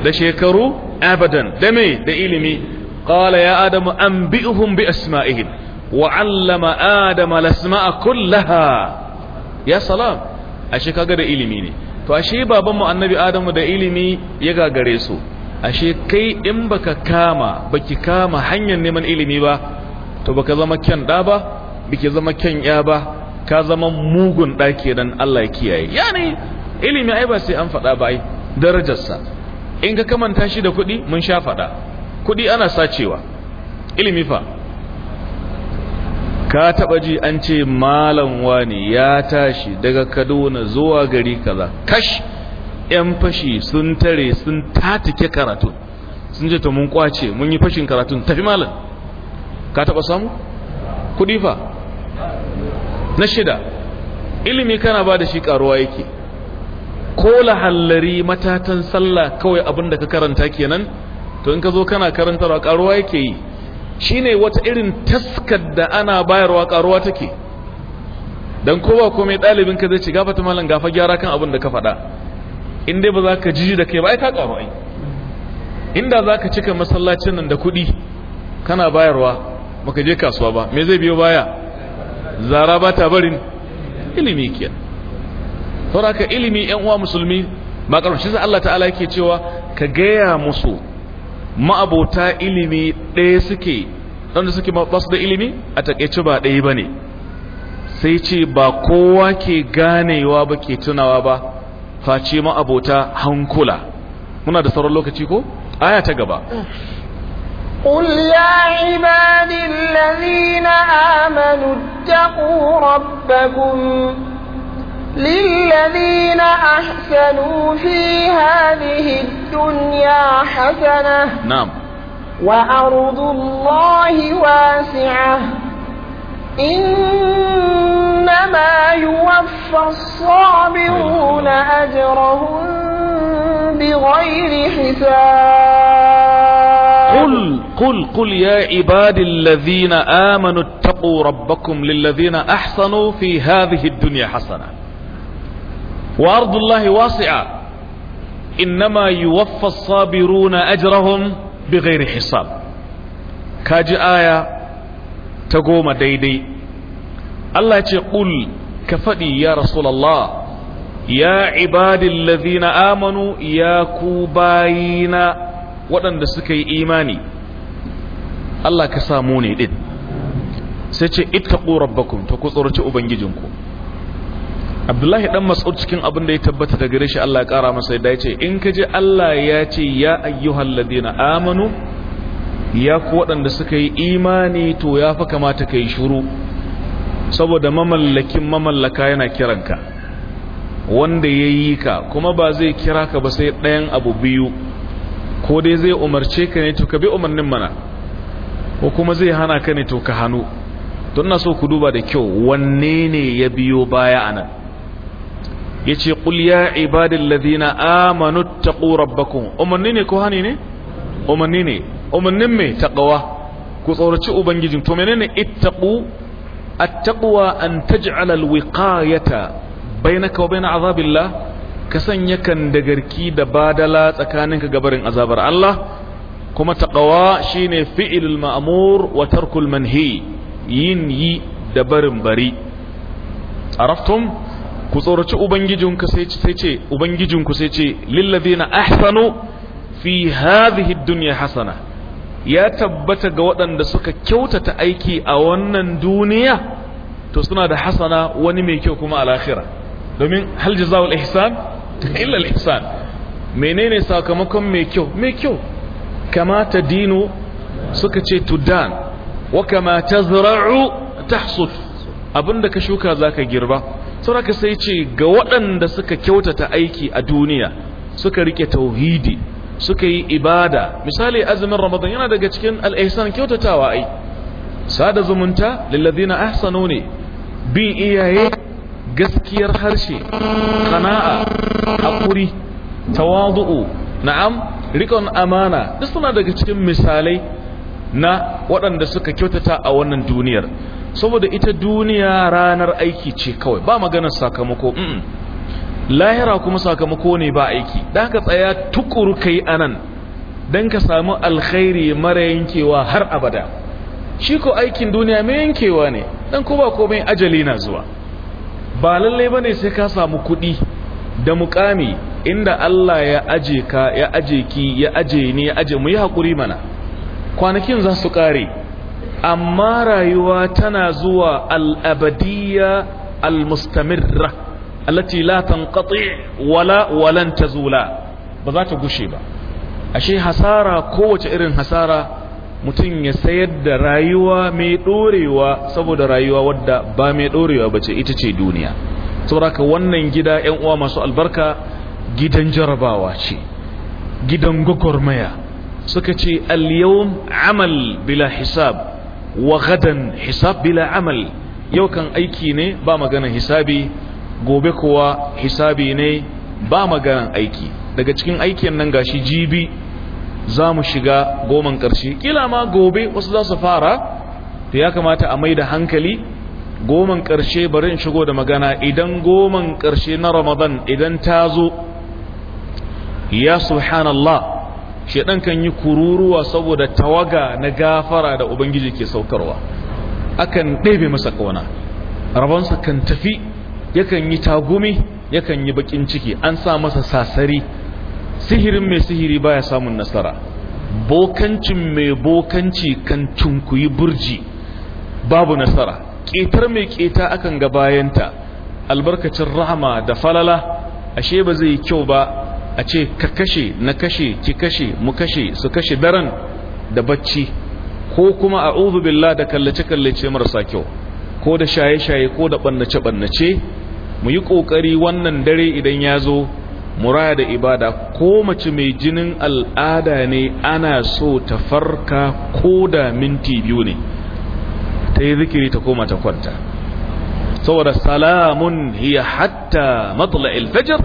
da shekaru abadan da me da ilimi ƙala ya adamu an bi'uhum bi asma'ihim wa allama adama lasma'a kullaha ya salam ashe kaga da ilimi ne to ashe babanmu annabi adamu da ilimi ya gagare su ashe kai in baka kama baki kama hanyar neman ilimi ba to baka zama kyan da ba biki zama kyan ya ba ka zama mugun ɗaki nan Allah ya kiyaye yani ilimi ai ba sai an faɗa ba ai darajarsa in ka kamanta shi da kuɗi mun sha faɗa kuɗi ana sacewa ilimi fa ka taɓa ji an ce malam wani ya tashi daga kaduna zuwa gari kaza kash yan fashi sun tare sun tatike karatun sun je to mun kwace mun yi fashin karatun tafi malam ka taɓa samu kuɗi fa na shida ilimi kana ba da shi karuwa yake ko lahallari matatan sallah kawai abin da ka karanta kenan to in ka zo kana karantarwa karuwa yake yi shine wata irin taskar da ana bayarwa karuwa take dan ba komai dalibin ka zai ci gafa ta malam gafa gyara kan abin da ka faɗa in dai ba za ka jiji da kai ba ai ka karu ai inda za ka cika masallacin nan da kuɗi kana bayarwa baka je kasuwa ba me zai biyo baya zara ba ta barin ilimi ke sauraka ilimi yan uwa musulmi ba ƙarfashi sa Allah ta'ala ke cewa ka gaya musu ma'abota ilimi ɗaya suke ɗanda suke masu da ilimi a takaice ba ɗaya ba ne sai ce ba kowa ke ganewa ba ke tunawa ba face ma'abota hankula muna da sauran lokaci ko aya ta gaba قل يا عبادي الذين آمنوا اتقوا ربكم للذين أحسنوا في هذه الدنيا حسنة نعم وأرض الله واسعة إنما يوفى الصابرون أجرهم بغير حساب قل قل يا عباد الذين آمنوا اتقوا ربكم للذين أحسنوا في هذه الدنيا حسنة وأرض الله واسعة إنما يوفى الصابرون أجرهم بغير حساب كاج آية تقوم ديدي الله يقول كفدي يا رسول الله يا عباد الذين آمنوا يا كوباينا waɗanda suka إيماني Allah ka samu ne din sai ce ittaqu rabbakum to ku tsoraci ubangijinku Abdullahi dan Mas'ud cikin abin da ya tabbata da gare shi Allah ya kara masa da yace in ka ji Allah ya ce ya ladina amanu ya ku waɗanda suka yi imani to ya fa kamata kai shuru saboda mamallakin mamallaka yana kiranka wanda ya yi ka kuma ba zai kira ka ba sai ɗayan abu biyu ko dai zai umarce ka ne to ka bi umarnin mana ko kuma zai hana ka ne to ka hannu don na so ku duba da kyau wanne ne ya biyo baya anan ya ce ƙulya ibadin ladina amanu taƙo rabbakun umarni ne ko hannu ne umarni ne umarnin mai taƙawa ku tsoraci ubangijin to menene ittaqu attaqwa an taj'ala alwiqayata bainaka wa Baina azabillah ka sanya kan dagarki da badala tsakaninka gabarin azabar Allah kuma taqwa shine fi'ilul ma'mur wa tarkul manhi yin yi da barin bari araftum ku tsoraci ubangijinku sai ce sai ce ubangijinku sai ce lillazina ahsanu fi hadhihi dunya hasana ya tabbata ga waɗanda suka kyautata aiki a wannan duniya to suna da hasana wani mai kyau kuma a lahira domin hal jazaul ihsan illa al ihsan menene sakamakon mai kyau mai kyau kama dinu dino suka ce tudan wa kama ta zara'u abinda ka shuka za ka girba sauraka sai ce ga waɗanda suka kyautata aiki a duniya suka rike tauhidi suka yi ibada misali azumin ramadan yana daga cikin al'aisan kyautatawa ai sada zumunta lillazina ahsanu ne bin iyaye gaskiyar harshe kana'a hakuri tawadu'u na'am rikon amana duk suna daga cikin misalai na waɗanda suka kyautata a wannan duniyar saboda ita duniya ranar aiki ce kawai ba maganar sakamako lahira kuma sakamako ne ba aiki da ka tsaya tukuru kai anan don ka samu alkhairi mara yankewa har abada shi ko aikin duniya mai yankewa ne dan ko ba komai ajali na zuwa ba lallai bane sai ka samu kuɗi da mukami inda Allah ya aje ka ya aje ki ya aje ni ya aje mu yi haƙuri mana kwanakin za su ƙare amma rayuwa tana zuwa al'abadiyya al-mustamirra allati la tanqati wala walan tazula ba za ta gushe ba ashe hasara kowace irin hasara mutum ya sayar da rayuwa mai dorewa saboda rayuwa wadda ba mai dorewa bace ita ce duniya saboda ka wannan gida 'yan uwa masu albarka gidan jarabawa ce gidan gwagwarmaya suka ce al-yawm amal bila hisab wa gadan hisab bila amal yau kan aiki ne ba maganan hisabi gobe kuwa hisabi ne ba maganan aiki daga cikin aikin nan gashi jibi za mu shiga goman karshe kila ma gobe wasu za su fara to ya kamata a mai da hankali goman karshe bari in shigo da magana idan goman karshe na ramadan idan ta zo ya subhanallah shedan kan yi kururuwa saboda tawaga na gafara da ubangiji ke saukarwa akan ɗebe masa ƙauna rabonsa kan tafi yakan yi tagumi yakan yi bakin ciki an sa masa sasari sihirin mai sihiri baya samun nasara bokancin mai bokanci kan tunkuyi burji babu nasara ƙetar mai ƙeta akan ga bayanta albarkacin rahama da falala ashe ba zai yi kyau ba a ce ka kashe na kashe ki kashe mu kashe su kashe daren da bacci ko kuma a'udhu billah da kallace kallace marasa kyau ko da shaye shaye ko da bannace bannace mu yi ƙoƙari wannan dare idan ya zo muraya da ibada ko mace mai jinin al'ada ne ana so ta farka ko da minti biyu ne ta yi zikiri ta koma ta kwanta saboda salamun hiya hatta matla'il fajar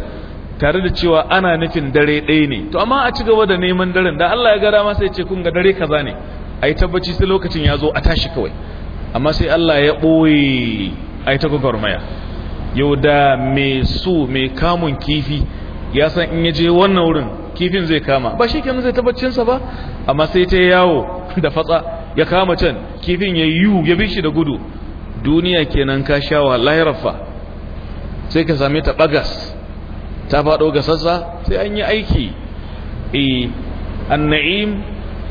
tare da cewa ana nufin dare ɗaya ne to amma a ci gaba da neman daren da Allah ya ga dama sai ce kun ga dare kaza ne ai tabbaci sai lokacin ya zo a tashi kawai amma sai Allah ya ɓoye ai ta gwagwarmaya yau da mai su mai kamun kifi ya san in ya je wannan wurin kifin zai kama ba shi kenan zai tabbacinsa ba amma sai ta yawo da fatsa ya kama can kifin ya yiwu ya bi shi da gudu duniya kenan ka sha wa sai ka same ta bagas ta faɗo ga sassa sai an yi aiki e anna'im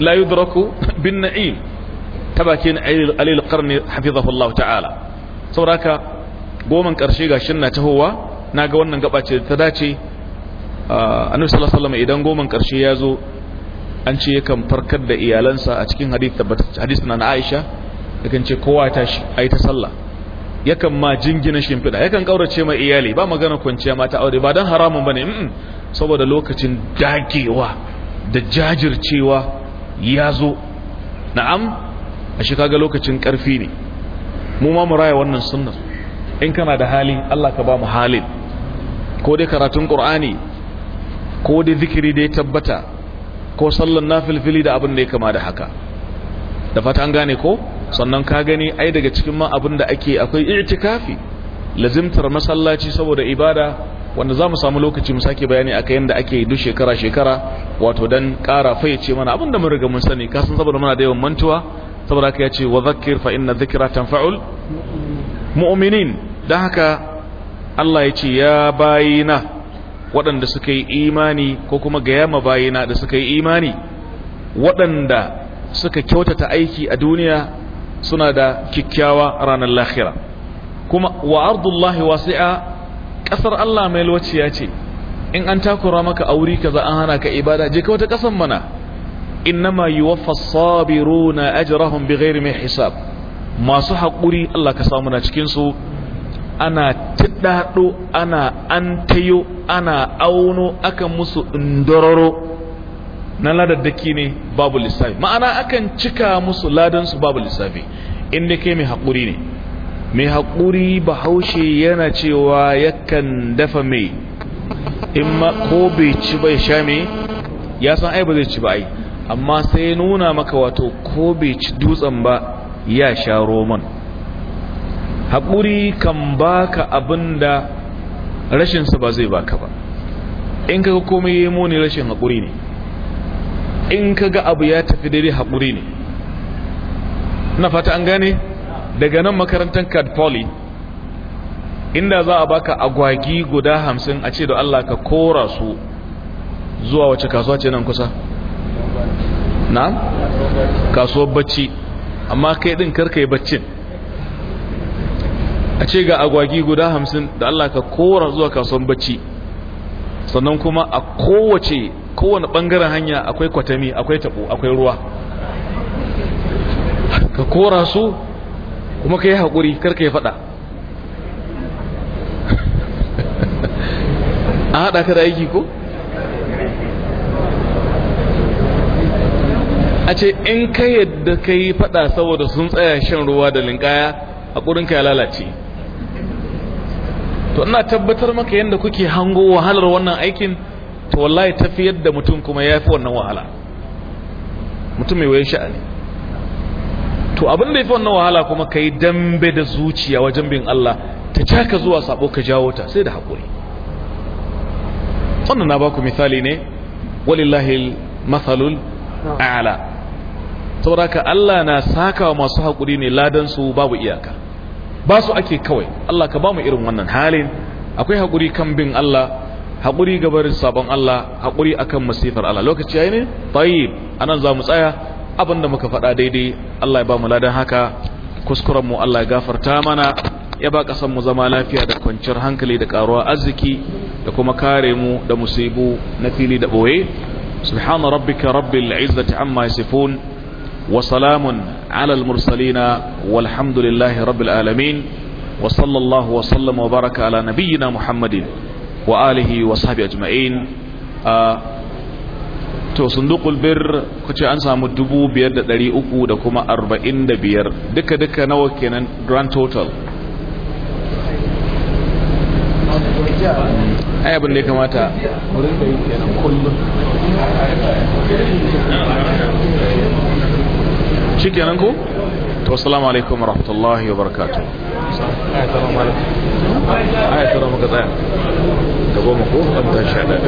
la yudraku bin na'im ta bakin alil qarni Allah ta'ala sauraka goman karshe gashin na tahowa naga wannan gaba ce ta dace annabi sallallahu alaihi idan goman karshe yazo zo an ce yakan farkar da iyalansa a cikin hadith hadith na Aisha yakan ce kowa ta shi ayi ta sallah yakan ma jingina shimfiɗa yakan ƙaurace mai iyali ba magana kwanciya mata aure ba don haramun ba ne mm, mm, saboda lokacin dagewa da jajircewa ya zo na'am a shi kaga lokacin ƙarfi ne mu ma mu raya wannan sunnar in kana da hali Allah ka ba mu halin ko dai karatun Qur'ani ko dai zikiri dai tabbata ko sallan nafilfili da abin da ya kama da haka da fata an gane ko sannan ka gani ai daga cikin ma abin da ake akwai i'tikafi lazimtar masallaci saboda ibada wanda za mu samu lokaci mu sake bayani akan da ake duk shekara shekara wato dan ƙara fayyace mana abin da mun riga mun sani kasan saboda muna da yawan mantuwa saboda haka yace wa dhakkir fa inna dhikra tanfa'ul mu'minin don haka Allah ya ce ya bayina waɗanda suka yi imani ko kuma ga yama bayina da suka yi imani waɗanda suka kyautata aiki a duniya suna da kyakkyawa ranar lahira kuma wa ardullahi wasi'a kasar Allah mai lwaciya ce in an takura maka auri kaza an hana ka ibada je ka wata kasan mana innama yuwaffa sabiruna ajrahum bighairi mai hisab masu haƙuri Allah ka samu na cikin su ana tiddado ana antayo ana auno akan musu indororo na ladaddaki ne babu lissafi ma'ana akan cika musu ladansu babu lissafi inda ke mai haƙuri ne mai haƙuri bahaushe yana cewa yakan dafa mai in ma ko bai ci bai sha mai ya san ai ba zai ci ba ai amma sai nuna maka wato ko bai ci dutsen ba ya sha roman haƙuri kan baka abin da rashinsa ba zai baka ba in kaga komai ya yi muni rashin haƙuri ne in ka ga abu ya tafi daidai haƙuri ne na fata an gane daga nan makarantar kadpoli inda za a baka agwagi guda hamsin a ce da Allah ka kora su zuwa wace kasuwa ce nan kusa na kasuwar bacci amma kai din karka yi baccin a ce ga agwagi guda hamsin da Allah ka kora zuwa kasuwar bacci sannan kuma a kowace kowane bangaren hanya akwai kwatami akwai tabo akwai ruwa ka kora su kuma ka yi haƙuri karka ya faɗa an haɗa ka da aiki ko? a ce in ka yadda ka yi faɗa saboda sun tsaya shan ruwa da linkaya a ya lalace to ina tabbatar maka yadda kuke hango wahalar wannan aikin to wallahi tafi yadda mutum kuma ya wannan wahala mutum mai wayan sha'ani to abin da ya fi wannan wahala kuma ka yi dambe da zuciya wajen bin Allah ta caka zuwa sabo ka jawo ta sai da haƙuri wannan na baku misali ne walillahi mathalul a'la saboda ka Allah na saka masu haƙuri ne ladan su babu iyaka ba su ake kawai Allah ka ba mu irin wannan halin akwai haƙuri kan bin Allah haƙuri gabarin sabon Allah haƙuri akan masifar Allah lokaci yayi ne tayyib anan za mu tsaya abinda muka faɗa daidai Allah ya ba mu ladan haka kuskuren mu Allah ya gafarta mana ya ba ƙasar mu zama lafiya da kwanciyar hankali da ƙaruwa arziki da kuma kare mu da musibu na fili da ɓoye subhana rabbika rabbil izzati amma yasifun وسلام على المرسلين والحمد لله alamin العالمين وصلى الله وسلم وبارك على نبينا محمد وآله وصحبه أجمعين to sundukul bir kuce an samu dubu biyar da dari uku da kuma arba'in da biyar duka duka nawa kenan grand total ayyabin da ya kamata shi kenan ku to assalamu alaikum warahmatullahi wabarakatuh ayatara malaka ayatara muka tsaya da goma ko an tashi a